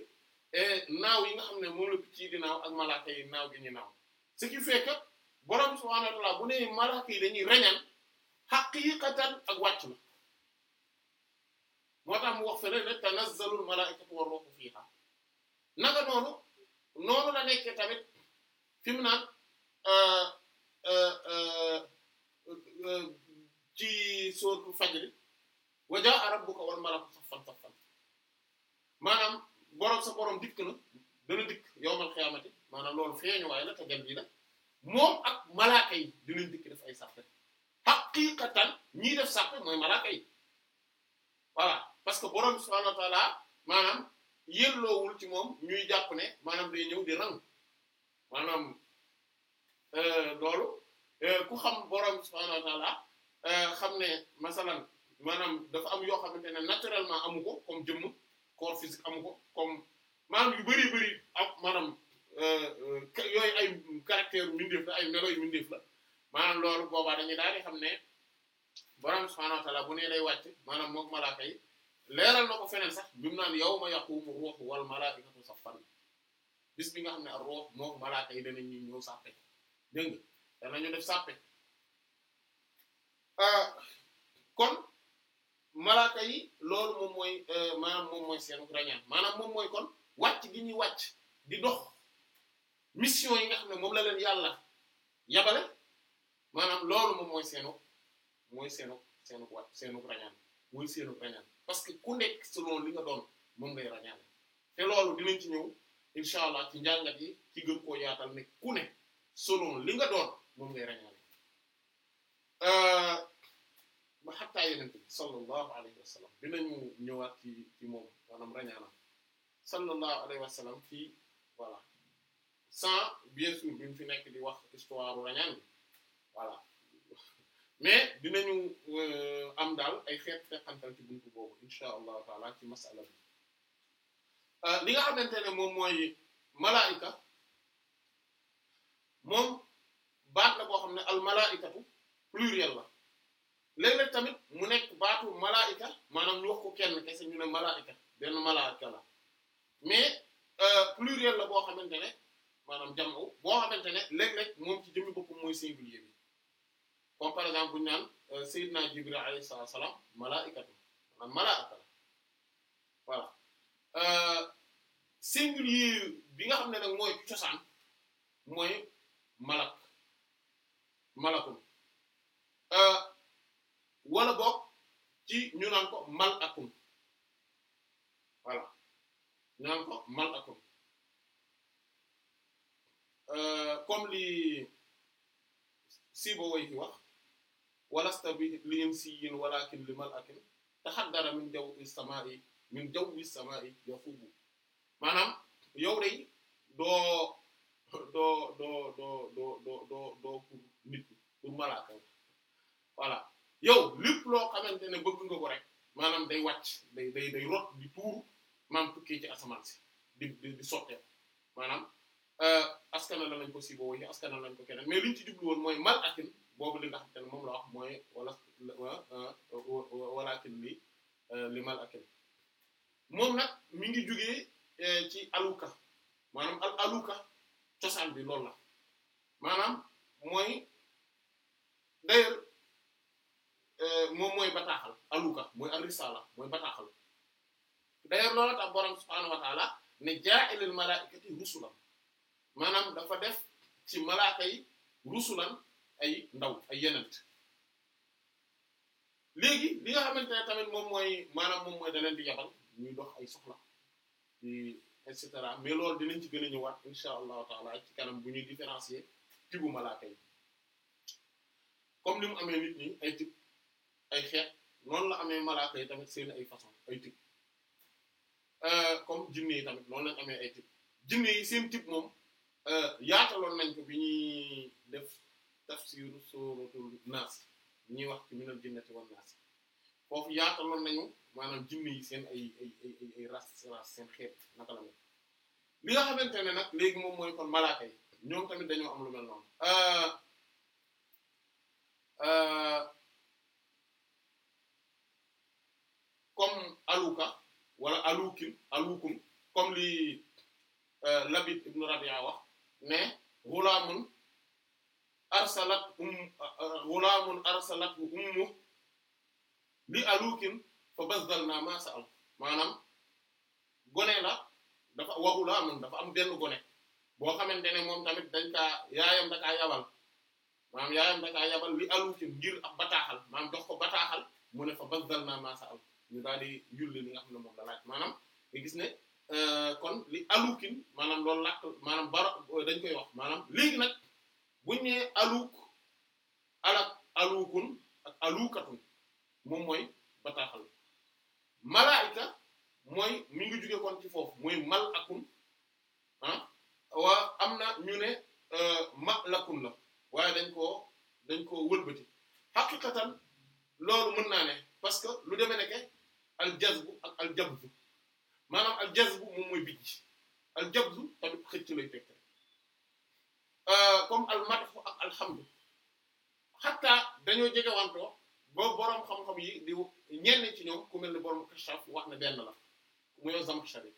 naaw yi nga xam ne moom la picc yi di naaw ak malaaka naaw gi ñu naaw ce qui fait que borom subhaanahu wa ta'aala bu ne malaaka yi dañuy reñan xaqiiqatan ak wàcc na moo tax mu wax fële ne tanazzalul malaa'ikatu war ruuhu fiihaa naka noonu noonu la nekkee tamit fi mu naan euh, euh, euh, ci sóotu fajri wa borom sa borom dikk na dana dikk yowmal xiyaamati maanaam loolu feeñuwaay la te jam bi la moom ak malaaka yi dinañ dikk def ay sàppe xaqiqatan ñii def sàppe mooy malaaka yi voilà parce que borom subhaanahu wa taala maanaam yelloowul ci moom ñuy jàpp ne maanaam day ñëw di rang maanaam euh, loolu euh, ku xam borom subhaanahu wa euh, xam ne masalan maanaam dafa am yoo xamante ne naturellement amu ko comme jëmm corps physique amu ko comme maanaam yu bëri bëri ak maanaam euh, euh, yooyu ay caractère mindeef la ay melo yu mindeef la maanaam loolu boobaa dañuy daal di xam ne borom subhaanahu wa ta'aala bu nee day wàcc maanaam moom malaaka yi leeral na feneen sax bi naan yawma yaqumu ruuhu wal malaa'ikatu saffan bis bi nga xam ne ak ruuh moom malaaka ñu ñëw sàppe dégg nga danañu def sàppe euh, kon. malaaka yi loolu moom mooy euh, maanaam moom mooy seenu rañaan maanaam moom mooy kon wàcc gi ñuy wàcc di dox mission yi nga xam ne moom la leen yàlla yabale maanaam loolu moom mooy seenu mooy seenu seenu wàcc seenu rañaan mooy seenu rañaan parce que ku nekk selon li nga doon moom ngay rañaan te loolu dinañ ci ñëw incha allah ci njàngat yi ci gën koo yaatal ne ku ne li nga doon moom ba xattaa yeneen bi sallallahu alayhi wa ñëwaat ci ci moom maanaam rañaanam sallallahu alayhi wa sallam fii voilà sans bien bi ñu fi nekk di wax histoire rañaan bi voilà mais dinañu euh, am daal ay xeet teqantal ci buntu boobu insha allahu taala ci masala euh, li nga xamante ne moom mooy malaayika moom baat la boo xam ne al malaayikatu pluriel la léegi léeg tamit mu nekk baatu malaayika maanaam ñu wax ko kenn kese ñu ne malaayika benn malaayika la mais euh, pluriel la boo xamante ne maanaam jamu boo xamante ne léegi léeg moom ci jëmmi boppam mooy singulier bi comme par exemple bu ñu naan euh, Seydina Jibril alayhi salaam malaayikatu maanaam malaayika la voilà euh, singulier bi nga xam ne nag mooy cosaan mooy malak malakul. wala boog ci ñu naan ko mal akum voilà ñu naan ko mal akum comme li siibo way ki wax walasta bi li yem si yin walakin li mal akum taxaddara min jaw bi sama yi min jaw bi sama yi yafubu maanaam yow day doo doo doo doo doo doo doo pour nit pour malaaka yow lépp loo xamante ne bëgg nga ko rek maanaam day wàcc day day day rot di tuuru maam tukkee ci asamaan si di di di sottee maanaam euh, askana la lañ ko si boo askana lañ ko keneen mais liñ ci jublu woon mooy mal atin boobu li nga xamante ne moom la wax mooy wala walaatin li euh, li mal atin moom nag mi ngi jugee euh, ci aluka maanaam al aluka cosaan bi loolu la maanaam mooy d'ailleurs Euh, moom mooy bataaxal aluka mooy ar-risaala mooy bataaxal d'ailleurs loolu tax borom subhaanahu wa taala ne jaa'ilil malaa'ikati rusulan maanaam dafa def ci malaaka yi rusulan ay ndaw ay yenent léegi li nga xamante ne tamit moom mooy maanaam moom mooy da di yabal ñuy dox ay soxla di et cetera mais loolu dinañ ci gën a ñëwaat insha allahu taala ci kanam bu ñuy différencier tibu malaaka yi comme ni mu amee nit ñi ay xeet noonu la amee malaaka yi tamit seen ay façon ay type euh, comme jinne yi tamit noonu lañ amee ay type jinne yi seen type moom euh, yaataloon nañ ko bi ñuy def tafsiru suratul naas ñuy wax ci minal jinnati wan naas foofu yaataloon nañu maanaam jinne yi seen ay ay ay ay seen xeet naka la mel li nga xamante ne nag léegi moom mooy kon malaaka yi ñoom tamit dañoo am lu mel noonu euh, comme aluka wala alukim alukum comme li euh, Labid ibn Rabia wax ne ghulamun arsalat um euh, ghulamun arsalat ummu li alukin fa bazdalna ma sa'al maanaam gone la dafa wa ghulamun dafa am benn gone boo xamante ne moom tamit dañ kaa yaayam da kaa yabal maanaam yaayam da kaa yabal li alukin ngir ab bataaxal maanaam dox ko bataaxal mu ne fa bazdalna ma sa'al ñu daal di julli li nga xam moom la laaj maanaam gis ne euh, kon li alukin maanaam loolu làkk maanaam baro dañ koy wax maanaam léegi nag buñ nee aluk alak alukun ak alukatun moom mooy bataaxal malaayika mooy mi ngi jóge kon ci foofu mooy mal akun ah wa am na ñu ne euh, ma lakun la waaye dañ koo dañ koo wëlbati xaqiqatan loolu mën naa ne parce que lu demee nekke aljazbu ak aljabzu maanaam aljazbu moom mooy bijj aljabzu tamit xëcc lay tekk euh, comme almadfu ak alhamdu xatta dañoo jegewantoo ba boroom xam-xam yi di ñenn ci ñoom ku mel ni boroom kashaf wax na benn la mu yow Zamakhshari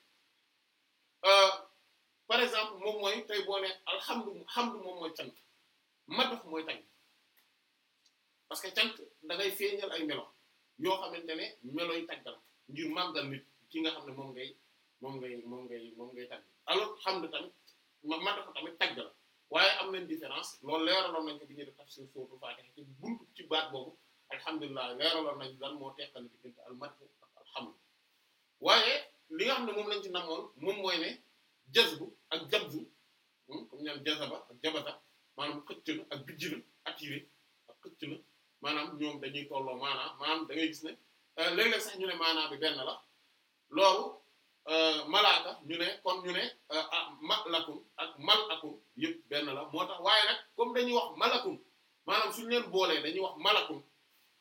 euh, par exemple moom mooy tey boo ne alhamdu moom mooy cant madfu mooy tagg parce que cant da ngay feeñal ay melo yoo xamante ne melooy tagg la ngir màggal nit ki nga xam ne moom ngay moom ngay moom ngay moom ngay tagg alors xam da tamit ma mata ko tamit tagg la waaye am nañ différence loolu leeraloon nañ ko bi ñuy def tafsir sóotu Faatiha te buntu ci baat boobu alhamdulilah leeraloon nañ lan moo teqal diggante almadh ak alhamd waaye li nga xam ne moom lañ ci namoon moom mooy ne jazbu ak jabzu hmm, comme ñaan jazaba ak jabata maanaam xëcc ak bijj na attiré maanaam ñoom dañuy tolloo maanaam maanaam dangay gis ne euh, léeg sax ñu ne maanaam bi benn la loolu euh, malaaka ñu ne kon ñu ne euh, ah, malakun ak malakun yëpp benn la moo tax waaye nag comme dañuy wax malakun maanaam suñu leen boolee dañuy wax malakun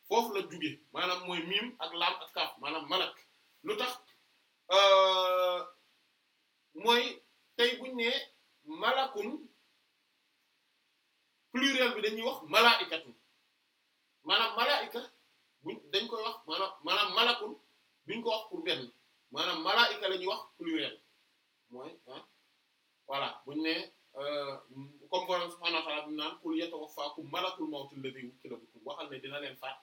foofu la jugee maanaam mooy miim ak laam ak kaaf maanaam malak lu tax mooy tey buñ ne malakun pluriel bi dañuy wax malaikatun maanaam malaayika buñ dañ koy wax maanaam maanaam malakul duñ ko wax pour benn maanaam malaayika la ñuy wax pluriel mooy ah buñ ne euh, comme borom subhaanahu wa ta'aala bi naan qul yatawaffaakum malakul mawti alladhi wukkila waxal ne dina leen faat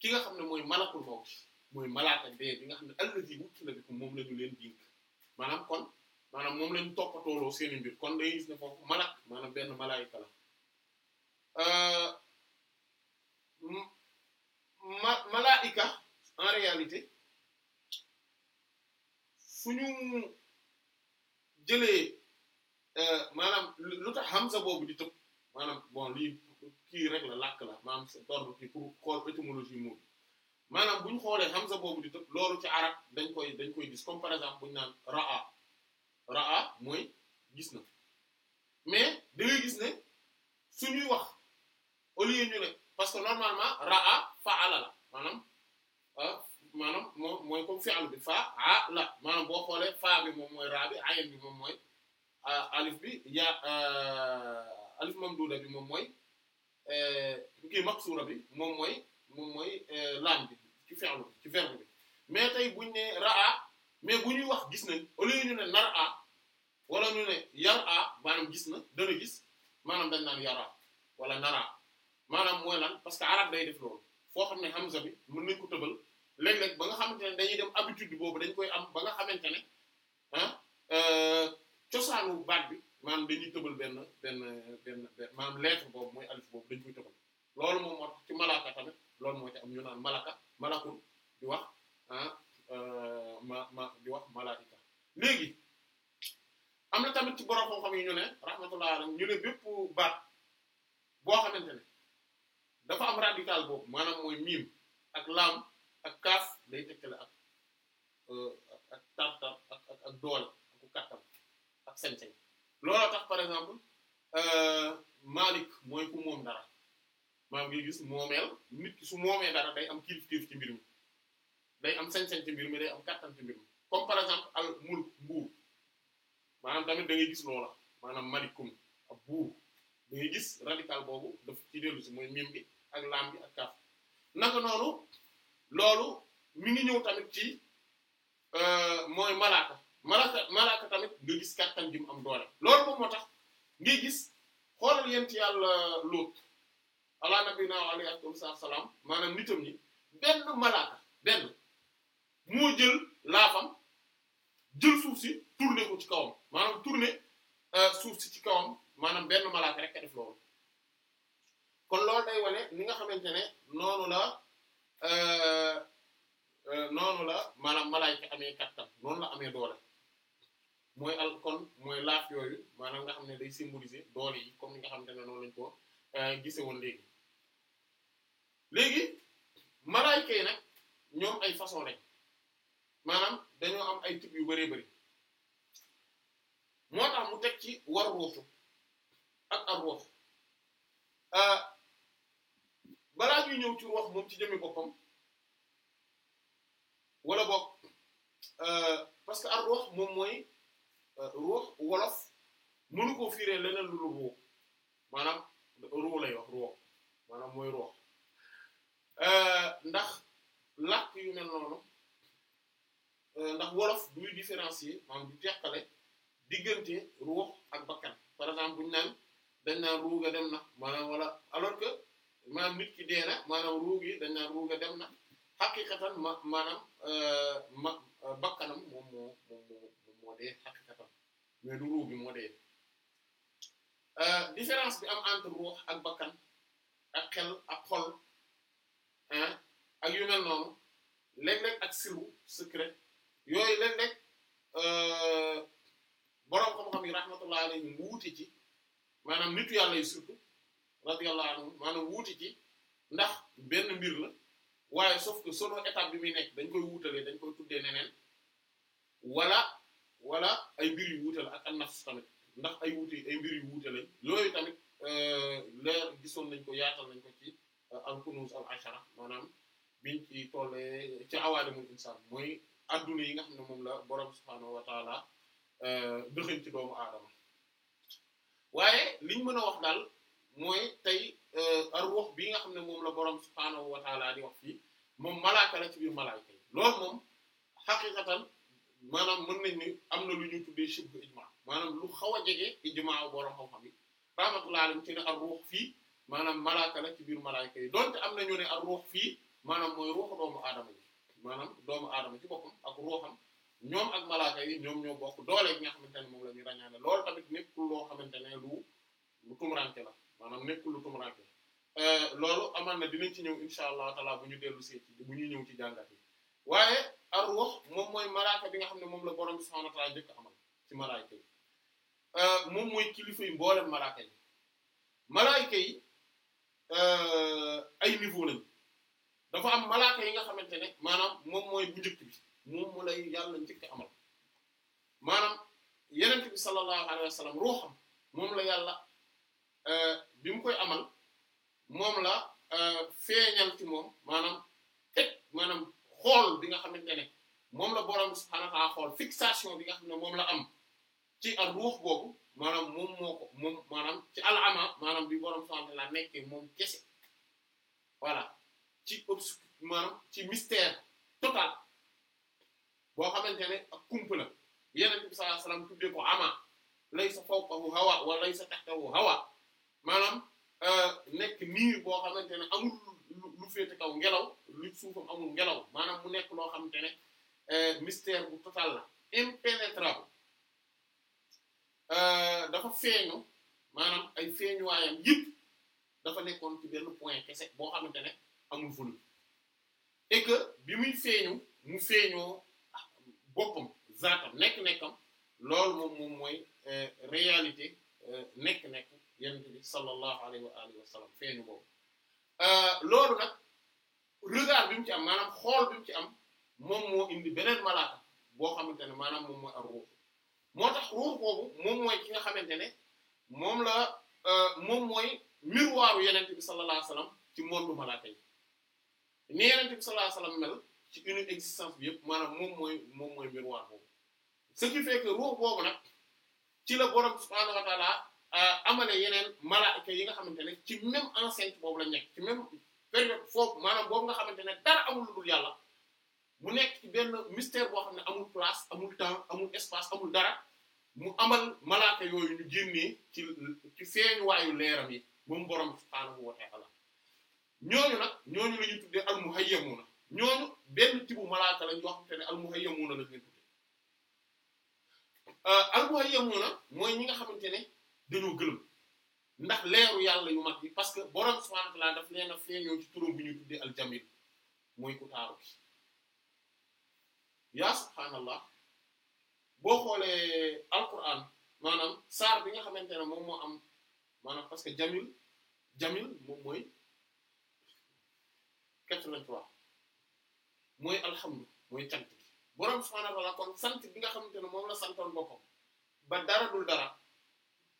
ki nga xam ne mooy malakul mawti mooy malaaka dee bi nga xam ne alladhi wukkila bikum moom la leen dénk maanaam kon maanaam moom lañ toppatooloo seeni mbir kon day gis ne foofu malak maanaam benn malaayika la euh, ma malaika en réalité fu ñu jëlee euh, maanaam lu tax hamza boobu di tëb maanaam bon lii kii rek la làkk la maanaam c'est ordre kii pour xool étymologie moom maanaam bu ñu xoolee hamza boobu di tëb loolu ci arab dañ koy dañ koy gis comme par exemple bu ñu naan raa raa mooy gis na mais da ngay gis ne suñuy wax au lieu ñu ne parce que normalement raa faala la maanaam euh, moom mooy comme fi'l bi fa a la maanaam boo xoolee faa bi moom mooy raa bi ayin bi moom mooy euh, alif bi ya euh, alif mamduda bi moom mooy kii maksuura bi moom mooy moom bi ci fi'l bi ci verbe bi mais tey buñ ne raa mais bu ñuy wax gis nañ au lieu ne nar a wala ñu ne yar a maanaam gis na dana gis maanaam dañ naan yara wala nara maanaam mooy lan parce que arab day def loolu foo xam ne hamza bi mën nañ ko tëbal léeg-léeg ba nga xamante ne dañuy dem habitude boobu dañ koy am ba xamante ne ah euh, cosaanu baat bi maanaam dañuy tëbal benn benn benn benn maanaam lettre boobu mooy alif boobu dañ koy tëbal loolu moom moo tax ci malaaka tamit loolu moo ci am ñu naan malaka malakul di wax ah euh, di wax malaika léegi am na tamit ci borom xam-xam yi ñu ne rahmatullah ñu ne bépp baat boo xamante ne dafa am radical boobu maanaam mooy miim ak laam ak kaaf day tekkale euh, ak ak tar-tar ak ak ak doole ak ak sañ-sañ looloo tax par exemple euh, Malik mooy ku moom dara maa ngi gis moomeel nit su moomee dara day am kilifteef ci mbir mi day am sañ-sañ ci mbir mi day am kàttan ci mbir mi comme par exemple al mulk buur maanaam tamit da ngay gis loola maanaam malikum ab buur da ngay gis radical boobu daf ci dellu mooy mim bi ak laam bi ak kaaf naka noonu loolu mu ngi ñëw tamit ci euh, mooy malaaka malaaka malaaka tamit nga gis kàttan ji am doole loolu moom moo tax ngay gis xoolal yent yàlla lóot ala nabina alayhi afdalu salaam maanaam nitam ni benn malaaka benn moo jël laafam jël suuf si tourné ko ci kawam maanaam tourné euh, suuf si ci kawam maanaam benn malaaka rek a def loolu kon loolu day wane ni nga xamante ne noonu la euh, euh, noonu la maanaam malaayka amee kattan noonu la amee doole mooy al kon mooy laaf yooyu maanaam nga xam ne day symboliser doole yi comme ni nga xamante ne noonu lañ ko euh, gise woon léegi léegi malaayka yi nag ñoom ay façon lañ maanaam dañoo am ay type yu bëree bëri moo tax mu teg ci war ruuxu ak ar-ruh ah, balaa ñuy ñëw ci wax moom ci jëmmi boppam wala bopp ah, parce que ar-ruh moom mooy ah, ruh wolof mënu koo fiiree leneen lu lu ruh maanaam ruh lay wax ruh maanaam mooy ruh ndax làkk yu mel noonu ndax wolof duy différencier maanaam du teqale diggante ruux ak bakkan par exemple buñu naan dañ naan ruuga dem na maanaam wala alors que maanaam nit ki dee na maanaam ruug yi dañ naan ruuga dem na xaqiqatan ma maanaam euh, ma euh, bakkanam moom moo moom moo moo dee xaqiqatan mais du ruug bi moo dee euh, différence bi am entre ruux ak bakkan ak xel ak xol ah ak yu mel noonu léeg-léeg ak siru secret yooyu léeg-léeg boroom xam-xam yi rahmatullahi alayhi wuute ci maanaam nitu yàlla yi surtout radiyallahu anhu maanaam wuuti ci ndax benn mbir la waaye sauf que selon étape bi muy nekk dañ koy wuutale dañ koy tuddee neneen wala wala ay mbir yu wuute ak an tamit ndax ay wuute ay mbir yu wuute lañ loolu tamit euh, leer gisoon nañ ko yaatal nañ ko ci euh, al kunuz al ashara maanaam biñ ci tollee ci awaale mul insaan yi nga xam ne moom la borom subhaanahu wa taala euh, ci doomu aadama waaye liñ mën a wax daal mooy tey euh, arwoox bi nga xam ne moom la borom subhaanahu wa di wax fii moom malaaka la ci biir malaaka yi loolu moom xaqiqatan maanaam mën nañ ni am na lu ñuy tuddee shibbu ijma maanaam lu xaw a jege ijmaa borom xam-xam yi rahmatullahi alayhi ci ne arwoox fii maanaam malaaka la ci biir malaaka yi donte am na ñu ne arwoox fii maanaam mooy ruuxu doomu aadama yi maanaam doomu aadama ci boppam ak ruuxam ñoom ak malaaka yi ñoom ñoo bokk doole bi nga xamante ne moom la ñuy ràññaane lool tamit nekkul loo xamante ne lu lu tumuranke la maanaam nekkul lu tumuranke euh, loolu amaan na dinañ ci ñëw incha allah taala bu ñu dellu see ci bu ñuy ñëw ci jàngat yi waaye arwah moom mooy malaaka bi nga xam ne moom la borom subhanahu wa ta'ala jëkk amal ci malaaka yi euh, moom mooy kilifa euh, am malaaka yi nga xamante ne maanaam moom mooy bu njëkk bi moom mu lay yàlla njëkk amal maanaam yenent bi sallallahu alayhi wa sallam ruuxam moom la yàlla euh, bi mu koy amal moom la euh, feeñal ci moom maanaam teg maanaam xool bi nga xamante ne moom la borom subhaanahu wa bi nga xam ne moom la am ci ak ruux boobu maanaam moom moo ko moom maanaam ci al maanaam bi borom subhaanahu wa ta'aala nekkee moom kese voilà ci obscur maanaam ci mystère total boo xamante ne ak kumpa la yeneen bi sallallahu alayhi wasallam tuddee ko ama laysa fawqahu hawa wa laysa tahtahu hawa euh, boo xamante ne amul kaw ngelaw lu suufam amul ngelaw maanaam mu nekk loo xamante ne euh, mystère bu total la euh, dafa feeñu maanaam ay feeñuwaayam dafa nekkoon ci benn point kese boo xamante ne amul volume et que bi muy feeñu mu feeñoo boppam zaatam nekk-nekkam loolu moom moom mooy euh, réalité euh, nekk-nekk yonent bi sallallahu alayhi wa alihi wa sallam feeñu boobu euh, loolu nag regard bi ci am maanaam xool bi ci am moom moo indi beneen malaaka boo xamante ne maanaam moom mooy ak ruux moo tax ruux boobu moom mooy ki nga xamante ne moom la moom mooy miroiru yonent bi sallallahu alayhi wa sallam ci monde malaaka yi ni yonent bi sallallahu alayhi mel ci une existence bi yëpp maanaam moom mooy moom mooy miroir boobu ce qui boobu nag ci la borom subhaanahu wa taala euh, amale yeneen malaaka yi nga xamante ne ci même enceinte boobu nekk période foofu maanaam boobu nga xamante ne dara amul lu yàlla mu nekk benn mystère boo xam ne amul place amul temps amul espace amul dara mu amal malaaka yooyu ñu génnee ci ci feeñuwaayu leeram yi moom borom subhaanahu wa taala ñooñu nag ñooñu la ñu tuddee al muhayyamuuna ñooñu benn tibu malaata lañ yoo xamante ne almuhayyamuna lañ leen tuddee euh, almuhayyamuna mooy ñi nga xamante ne dañoo gëlëm ndax leeru yàlla yu mag yi parce que borom subhanahu wa ta'ala daf leen a feeñoo ci turam bi ñu tuddee aljamil mooy ku taaru bi yaa subhaanallah boo xoolee alquran maanaam saar bi nga xamante ne moom moo am maanaam parce que jamil jamil moom mooy 83 mooy alhamdu mooy cant gi borom subhaanahu wa ta'ala sant bi nga xamante ne moom la santoon boppam ba dara dara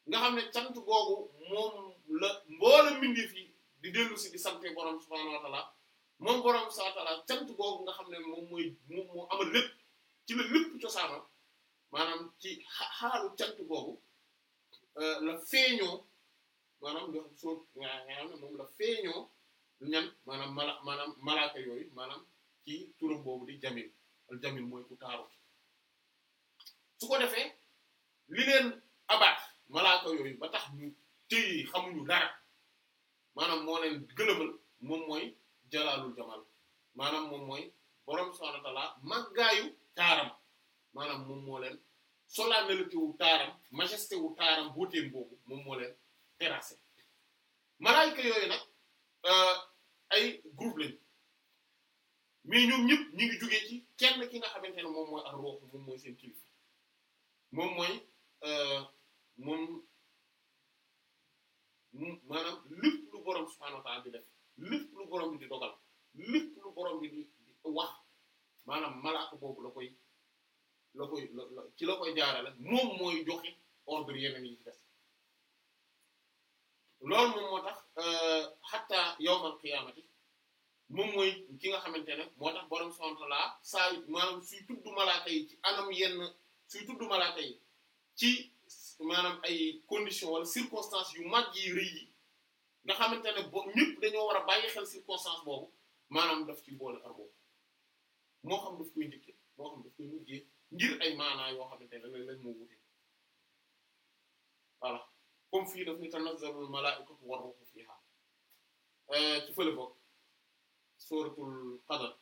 nga xam ne cant googu moom la mboola mbindeef di dellu di sante borom subhaanahu wa ta'ala moom borom cant googu nga xam ne moom mooy moom moo amal lépp ci la lépp cosaana maanaam ci xaalu cant googu euh, la feeñoo maanaam nga la feeñoo ñan maanaam malaaka yooyu maanaam. ci turam boobu di jamil al jamil mooy ku taaru su ko defee li leen abaat malaaka yooyu ba tax ñu téye xamuñu dara maanaam moo leen gëlëmal moom mooy jalaalul jamal maanaam moom mooy borom subhaanahu wa ta'aala màggaayu taaram maanaam moom moo leen solennalité wu taaram majesté wu taaram beauté boobu moom moo leen terrassé malaayika yooyu nag euh, ay groupe lañ mais ñoom ñëpp ñu ngi jógee ci kenn ki nga xamante ne moom mooy ak ruux moom mooy seen kilifa moom mooy euh, moom maanaam lépp lu borom subhaanahu wa ta'aala di def lépp lu borom di dogal lépp lu borom bi di wax maanaam malaaka boobu la koy la koy la ci la koy jaarale moom mooy joxe ordre yeneen yi ci des loolu moom moo tax euh, hatta yawmal qiyaamati moom mooy ki nga xamante ne moo tax borom subhaanahu wa ta'aala saa yu maanaam suy tudd malaaka yi ci anam yenn suy tudd malaaka yi ci maanaam ay conditions wala circonstances yu mag yi nga xamante ne bo dañoo war a bàyyi xel circonstance boobu maanaam daf ci boole ar boobu moo xam daf koy njëkkee moo xam daf koy mujjee ngir ay maanaa yoo xamante ne lañ lañ moo wute voilà comme fii daf ni tanazzalul malaa'ikatu war ruuhu fiihaa euh, ci fële bokk sóoratul qadar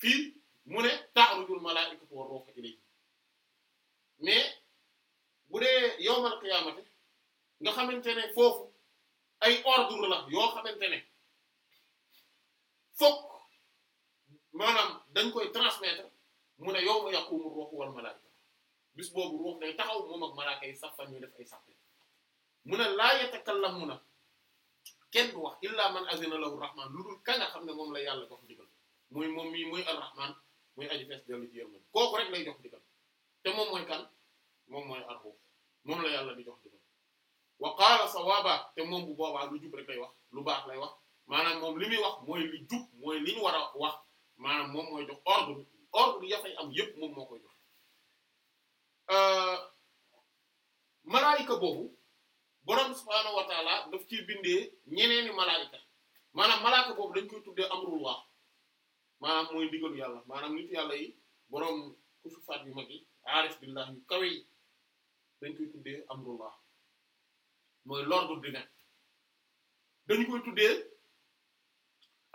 dégg nga mu ne ta'rujul malaa'ikatu war ruuhu ilayhi mais bu dee yawmal qiyaamati nga xamante ne foofu ay ordre la yoo xamante ne fokk maanaam dañ koy transmettre mu ne yawma yaqumu ruuhu wal malaa'ika bis boobu ruux day taxaw moom ak malaaka yi sax fan ñu def ay sax mu ne laa yatakallamuuna kenn du wax illa man azina lahu rahman lu dul ka nga xam ne moom la yàlla jox digal muy moom mii muy arrahman muy aji fees dellu ci yërmande kooku rek lay jox digal te moom mooy kan moom mooy arxuuf moom la yàlla di jox digal wa qaala sawaaba te moom bu boobaa lu jub rek lay wax lu baax lay wax maanaam moom li muy wax mooy li jub mooy li ñu war a wax maanaam moom mooy jox ordre bi ordre ya fay am yépp moom moo koy jox euh, malaayika boobu borom subhaanahu wa taala daf ciy bindee ñeneeni malaayika maanaam malaaka boobu dañ koy tuddee amrullah maanaam mooy ndigalu yàlla maanaam nit yàlla yi borom kusufaat yu mag yi aarif billah yu kawe yi dañ koy tuddee amrullah mooy l'ordre divin dañu koy tuddee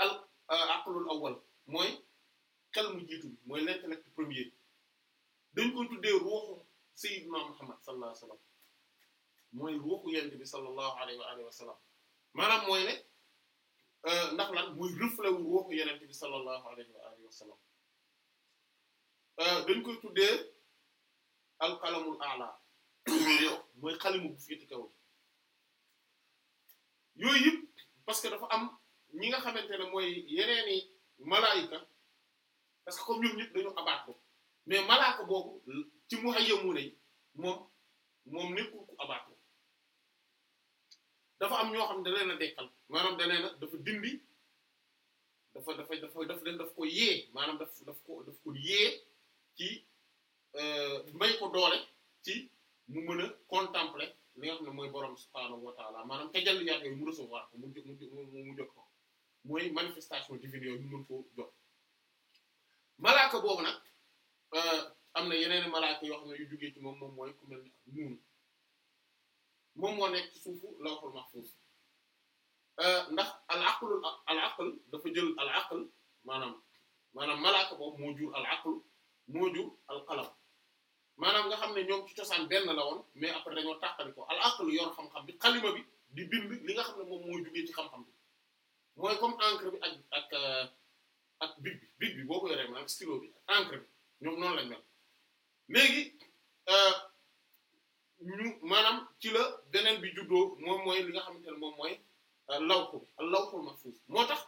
al euh, aqlul awwal mooy xel mu jiitu mooy l'intellect premier dañ koy tuddee ruuxu sayyidina Muhammad sallallahu alayhi mooy ruuxu yent bi sallallahu alayhi wa alihi wa maanaam mooy ne ndax lan muy reflet wu ruuxu yent bi sallallahu alayhi wa alihi wa sallam euh, euh, dañ koy tuddee alqalamul a'la mooy xalimu bu féete yooyu yëpp parce que dafa am ñi nga xamante ne mooy yeneeni malaayika parce que comme ñoom dañu abaat ko mais malaaka boobu ci mu ay yamune yi moom moom nekkul ku abaat dafa am ñoo xam ne da leen a dekkal maanaam da dafa dindi dafa dafa dafa daf leen daf ko yee maanaam daf daf ko daf ko yee ci euh, may ko doole ci mu mën a contempler li nga xam ne mooy borom subhaanahu wa taala maanaam tajalliyaat yooyu mu recevoir ko mu mu mu jot ko mooy manifestation divine yooyu mu mën koo jot malaaka boobu nag euh, am na yeneen malaaka yoo xam ne yu jógee ci moom moom mooy ku mel ni moom moo nekk ci suufu lawhul mahfuz euh, ndax al aql al aql dafa jël al aql maanaam maanaam malaaka boobu moo jur al aql moo al qalam maanaam nga xam ne ñoom ci cosaan benn la woon mais après dañoo tàqali ko al aql yor xam-xam bi xalima bi di bi li nga xam ne moom moo jugee ci xam-xam bi mooy comme encre bi ak ak euh, ak big bi boo ko yoree maanaam stylo bi ak bi ñoom noonu lañ mel léegi. Euh, maanaam ci la beneen bi juddoo moom mooy li nga xamante ne moom mooy euh, lawxu ma mahfuz moo tax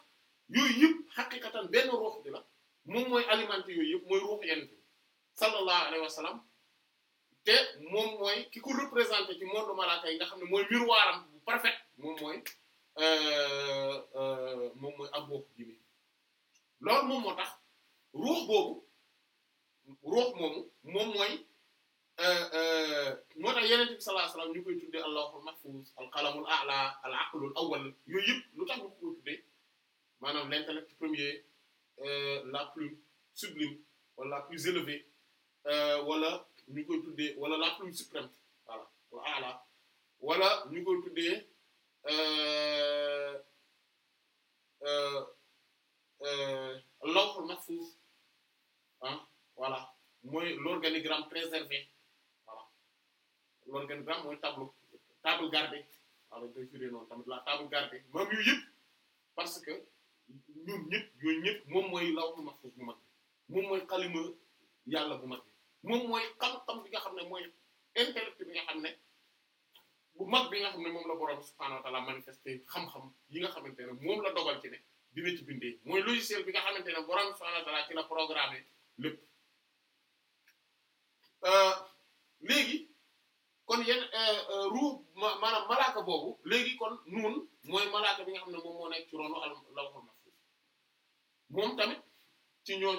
yooyu yëpp xaqiqatan benn ruux bi la moom mooy alimenté yooyu yëpp mooy ruux yenn bi sallallahu alayhi wa sallam te moom mooy ki ko représenté ci monde malaaka yi nga xam ne mooy miroiram bu parfait moom mooy euh, euh, moom mooy ab ruux bi moom moo tax ruux boobu maanaam ñu koy tuddee al lawhul mahfuz al qalamul a'la tax ñu ko maanaam l'intellect premier euh, la plus sublime wala la plus élevée euh, wala ñu koy wala la plus suprême voilà al a'la wala ñu koy tuddee euh, al lawhul mahfuz ah voilà mooy l'organigramme préservé ak yëpp parce que ñoom ñëpp yooyu ñëpp moom mooy law lawhul mahfuz bu mag bi moom mooy xalima yàlla bu mag bi moom mooy xam-xam bi nga xam ne mooy intellect bi nga xam ne bu mag bi nga xam ne moom la borom subhaanahu wa ta'aala manifesté xam-xam yi nga xamante ne moom la dogal ci ne dina ci bindee mooy logiciel bi nga xamante ne borom subhaanahu wa ta'aala ci la programmé.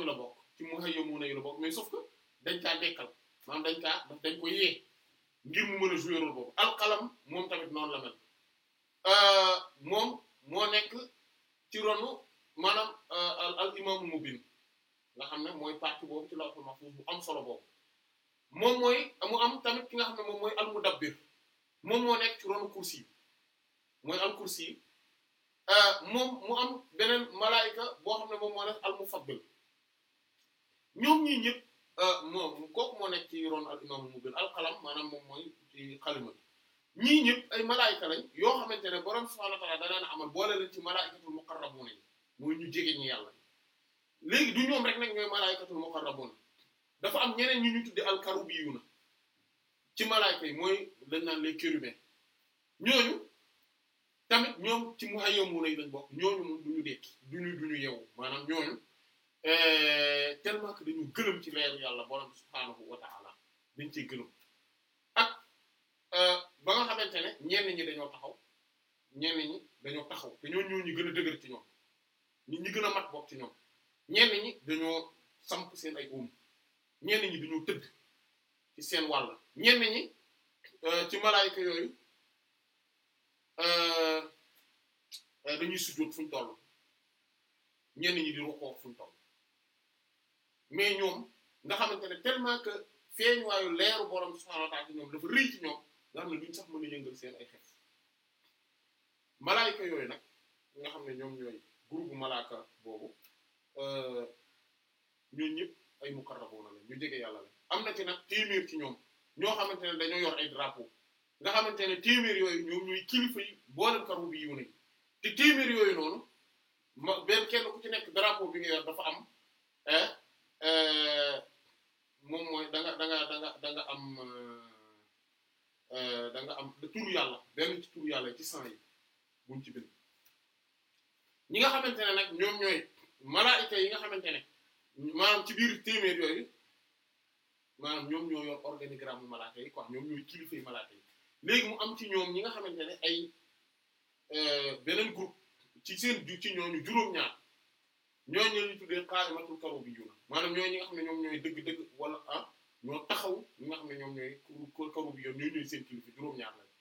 yi la bokk yo mu hayyamuuna yi la bokk mais sauf que dañ kaa dekkal maanaam dañ kaa dañ ko yee ngir mu mën a jouer rôle boobu alqalam moom tamit noonu la mel euh, ñu ñu tudde alkarubiyuna ci malaayka yi mooy dañ naan les chérubins ñooñu tamit ñoom ci muhayyamuna yi lañ bokk ñooñu moom duñu dekki duñu duñu maanaam ñooñu eh, tellement que dañu gërëm ci leeru yàlla borom subhaanahu wa ta'ala dañ ciy gëlëm ak eh, ba nga xamante ne ñenn ñi dañoo taxaw ñenn ñi dañoo taxaw te ñoo ñoo gën a dëgër ci ñoom ñu ñi gën a mat bokk ci ñoom ñenn ñi dañoo samp seen ay óom umm. ñenn ñi dañoo tëdd ci seen wàll ñenn ñi euh, ci malaayika yooyu euh, euh, dañuy sujjóot fuñ toll ñenn ñi di rukkoo fuñ toll mais ñoom nga xamante ne tellement que feeñuwaayu leeru borom subhaanahu wa ta'aala ci ñoom dafa rëy ci ñoom nga xam ne duñ sax mën a yëngal seen ay xef malaayika yooyu nag nga xam ne ñoom ñooy groupe malaaka boobu ñooñu ñëpp. ay muqarrabuuna la ñu jege yàlla la am na ci nag téeméer ci ñoom ñoo xamante ne dañoo yor ay drapeau nga xamante ne téeméer yooyu ñoom ñuy kilifa yi boolem bi yiw nañ te téeméer yooyu noonu ma ku ci nekk drapeau bi nga yor dafa am euh, moom da nga da nga da am euh, euh, da yàlla benn yàlla ci sang yi nga xamante ne nag ñoom yi nga xamante ne maanaam ci biir téeméer yooyu maanaam ñoom ñoo yor organigramme malaaka yi quoi ñoom ñooy kilifa yi yi léegi mu am ci ñoom ñi nga xamante ne ay euh, beneen groupe ci seen ci ñooñu juróom-ñaar ñooñu la ñuy tuddee qa'imatul maanaam ñooñu nga xam ne ñoom ñooy dëgg-dëgg wala ah ñoo taxaw ñi nga xam ne ñoom ñooy karubiyuna ñooy ñooy seen kilifa juróom-ñaar lañu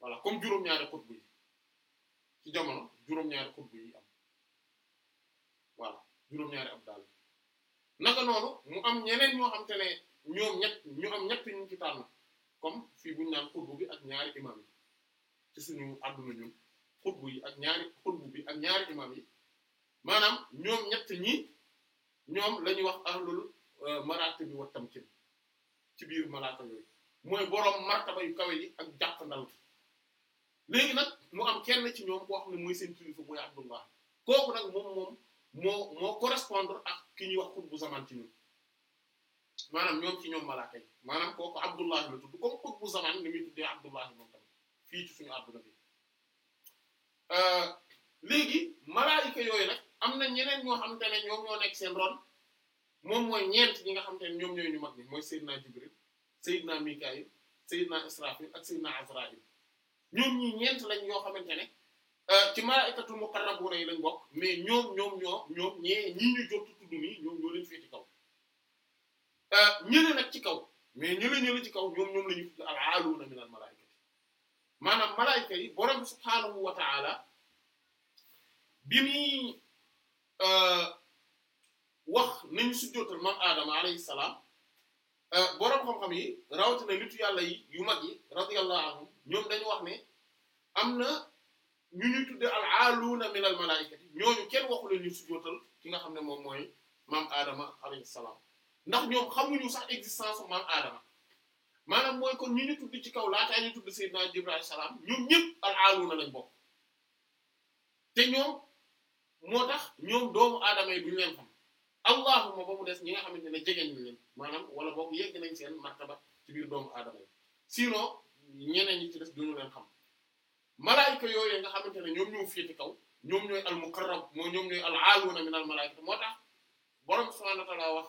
voilà comme juróom-ñaari xutbu yi ci jamono juróom-ñaari xutbu yi am voilà. juróom-ñaari abdal naka noonu mu am ñeneen ñoo xam te ne ñoom ñu am ñett ñu ci tànn comme fii buñu naan xutbu bi ak ñaari imam yi ci suñu yi ak ñaari xutbu bi ak ñaari imam yi maanaam ñoom ñett ñi ñoom lañuy wax ahlul euh, maraate bi wa tamkin ci biir malaaka yooyu mooy boroom martaba yu kawe yi ak jàpp ndal léegi nag mu am kenn ci ñoom koo xam ne mooy seen kilifa mooy abdullah kooku nag moom moom moo moo correspondre ak ki ñuy wax xutbu zaman ci ñun maanaam ñoom ci ñoom malaaka yi maanaam kooku Abdullahi la tudd comme xutbu zaman ni muy tuddee Abdullahi moom tamit fii ci suñu àdduna bi euh, léegi malaayika yooyu nag am na ñeneen ñoo xamante ne ñoom ñoo nekk seen ron moom mooy ñeent ñi nga xamante ne ñoom ñooy ñu mag ñi mooy Seydina Jibril Seydina Mikaayil Seydina Israfil ak Seydina Azrail ñoom ñi ñeent lañ yoo xamante ne Euh, ci malaa'ikatul muqarrabuuna yi lañ bokk mais ñoom ñoom ñoo ñoom ñii ñu jot tudd nii ñoom kaw euh, ñële nag ci kaw mais ñële ñële ci kaw ñoom ñoom la ñu tudd al aaluuna minal maanaam malaa'ika yi borom subhaanahu wa ta'ala bi muy euh, wax nañu sujjootal maam Adama alayhi salaam borom xam-xam yi rawatina nitu yàlla yi yu mag yi radiyallahu ñoom dañu wax ne am na. ñu ñu tudde al aaluuna min al malaayikati ñooñu kenn waxu leen ñu sujootal ki nga xam ne moom mooy maam Adama alayhi salaam ndax ñoom xamuñu sax existence u maam Adama maanaam mooy kon ñi ñu tudd ci kaw laataa ñu tudd Seydina Jibril alayhi salaam ñoom ñëpp al aaluuna lañ bokk te ñoom moo tax ñoom doomu aadama yi duñu leen xam allahuma ba mu des ñi nga xamante ne jegeñ ñu leen maanaam wala boobu yegg nañ seen martaba ci biir doomu aadama yi sinon ñeneen ñi ci des duñu xam malaayika yooyu nga xamante ne ñoom ñoo féete kaw ñoom ñooy al muqarrab moo ñoom ñooy al aaluuna min al wa ta'aala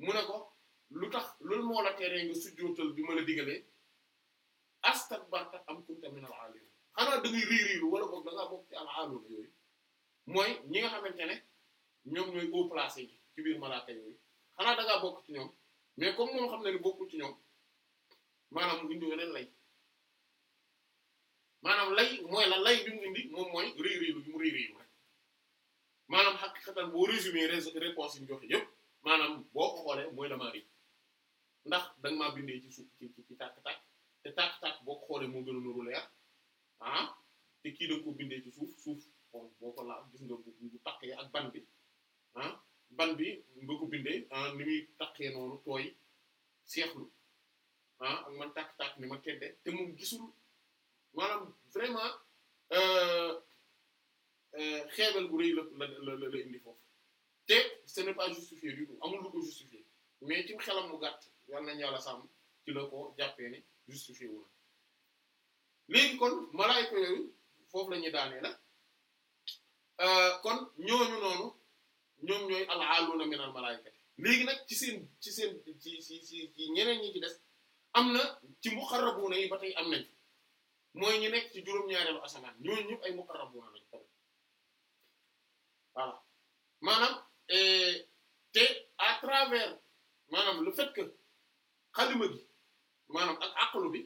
mu ne ko lu tax loolu moo la teree bi ma la digalee astakbarta am kunta min al aaluuna wala boog da ngaa bokk ci mooy ñi nga xamante ne ñoom ñooy haut ci biir malaaka yooyu xanaa da ngaa bokk ci ñoom mais comme moom xam na ne bokkul ci ñoom maanaam mu indi yeneen lay. maanaam lay mooy la lay bi mu indi moom mooy réy réylu mu réy réylu rek maanaam xaqiqatan boo résumé réponse yi mu joxe yëpp maanaam boo ko xoolee mooy damaa réy ndax da nga bindee ci suuf ci ci boo ko xoolee moo gën a nuru leer ah te kii ci suuf suuf bon boo ko gis nga bu taqee ak ban bi ah, ban bi nga ko bindee ah ni muy taqee noonu tooy seexlu ah, ak man tàkk-tàkk ni ma teddee te moom gisul maanaam vraiment euh, euh, xeebal bu rëy la la la indi foofu te ce n'est pas justifié du amul lu ko justifié mais ci xelam mu gàtt yal nañu yàlla sàmm ci la ko jàppee ne justifié wu na léegi kon malaayka yooyu foofu lañuy ñuy daanee la euh, kon ñooñu noonu ñoom ñooy alaaluuna minal malaayka léegi nag ci seen ci seen ci ci ci ñeneen ñi ci des am na ci mu na yi ba tey am nañ. mooy ñu nekk ci juróom-ñaareelu asamaan ñooñu ñëpp ay muqarrabuuna lañ ko voilà maanaam eh, te à travers maanaam lu fekk que gi maanaam ak aqlu bi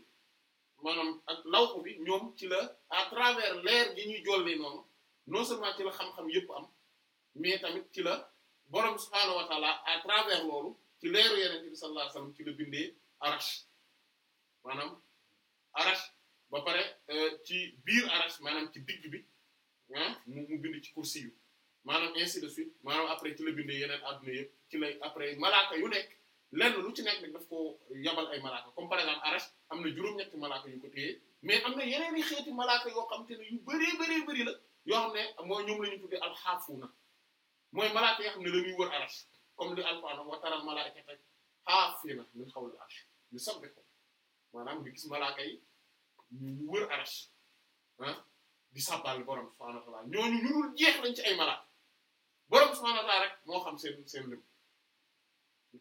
maanaam ak lawku bi ñoom ci la à travers leer gi ñuy jolli noonu non seulement ci la xam yëpp am mais tamit ci la borom subhaanahu à travers loolu ci leeru yeneen bi sallallahu alayhi wasallam ci la bindee arash maanaam arash. ba pare euh, ci biir arash maanaam ci digg bi ah mu mu bind ci kursi yu maanaam ainsi de suite maanaam après ci la bindee yeneen adduna yëpp ci lay après malaaka yu nekk lenn lu ci nekk daf ko yabal ay malaaka comme par exemple arash am na juróom-ñetti malaaka yu ko téye mais am na yeneen i xeeti malaaka yoo xam te ne yu bëree bëree bëri la yoo xam ne mooy ñoom la ñu tuddee alxaafuuna mooy malaaka yoo xam ne la ñuy wër arash comme li alquran wa taral malaa'ikata xaafiina min xawlil arsh yusabbihuuna maanaam di gis malaaka yi mu wër arash ah di sàbbal borom subhaanahu wa ta'aala ñooñu ñu jeex lañ ci ay malaat borom subhaanahu wa rek moo xam seen seen lim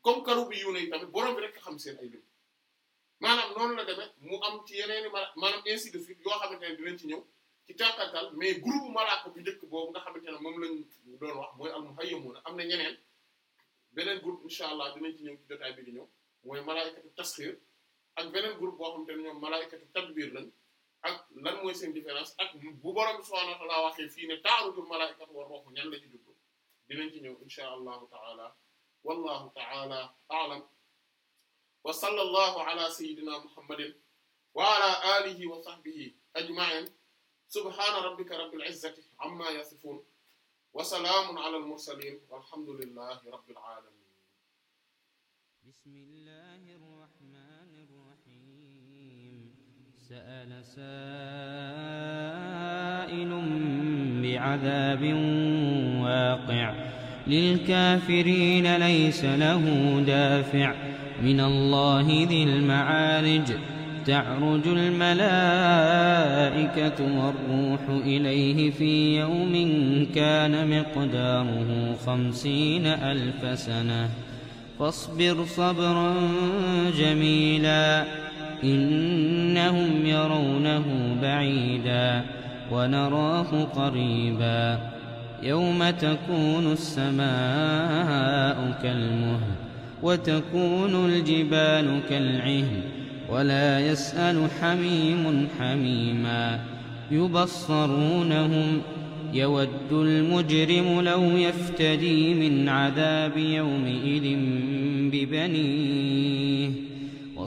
comme karu bi yiw nañ tamit borom bi rek xam seen ay lim maanaam noonu la demee mu am ci yeneen i malaat maanaam ainsi de suite yoo xamante ne dinañ ci ñëw ci tàkkatal mais groupe malaaka bu njëkk boobu nga xam ne moom lañ doon wax mooy al muhayyamuuna am na ñeneen beneen groupe incha allah dinañ ci ñëw ci jotaay ñëw mooy malaa'ikatu tasxiir ak beneen groupe boo xam te ne ñoom malaykatu tadbir lañ ak lan mooy seen différence ak bu borom subhanahu wa ta'ala waxee fii ne taarudul malaykatu war ruuhu ñan la ci jublu dinañ ci ñëw insha allahu ta'ala wallahu ta'ala a'lam wa sallallahu ala sayyidina muhammadin wa ala alihi wa sahbihi ajma'in subhana rabbika rabbil izzati amma yasifun wa salaamun ala al mursalin walhamdulillahi rabbil alamin bismillah سأل سائل بعذاب واقع للكافرين ليس له دافع من الله ذي المعارج تعرج الملائكة والروح إليه في يوم كان مقداره خمسين ألف سنة فاصبر صبرا جميلا إنهم يرونه بعيدا ونراه قريبا يوم تكون السماء كالمهل وتكون الجبال كالعهن ولا يسأل حميم حميما يبصرونهم يود المجرم لو يفتدي من عذاب يومئذ ببنيه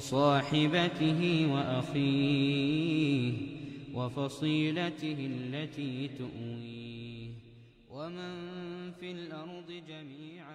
وصاحبته وأخيه وفصيلته التي تؤويه ومن في الأرض جميعا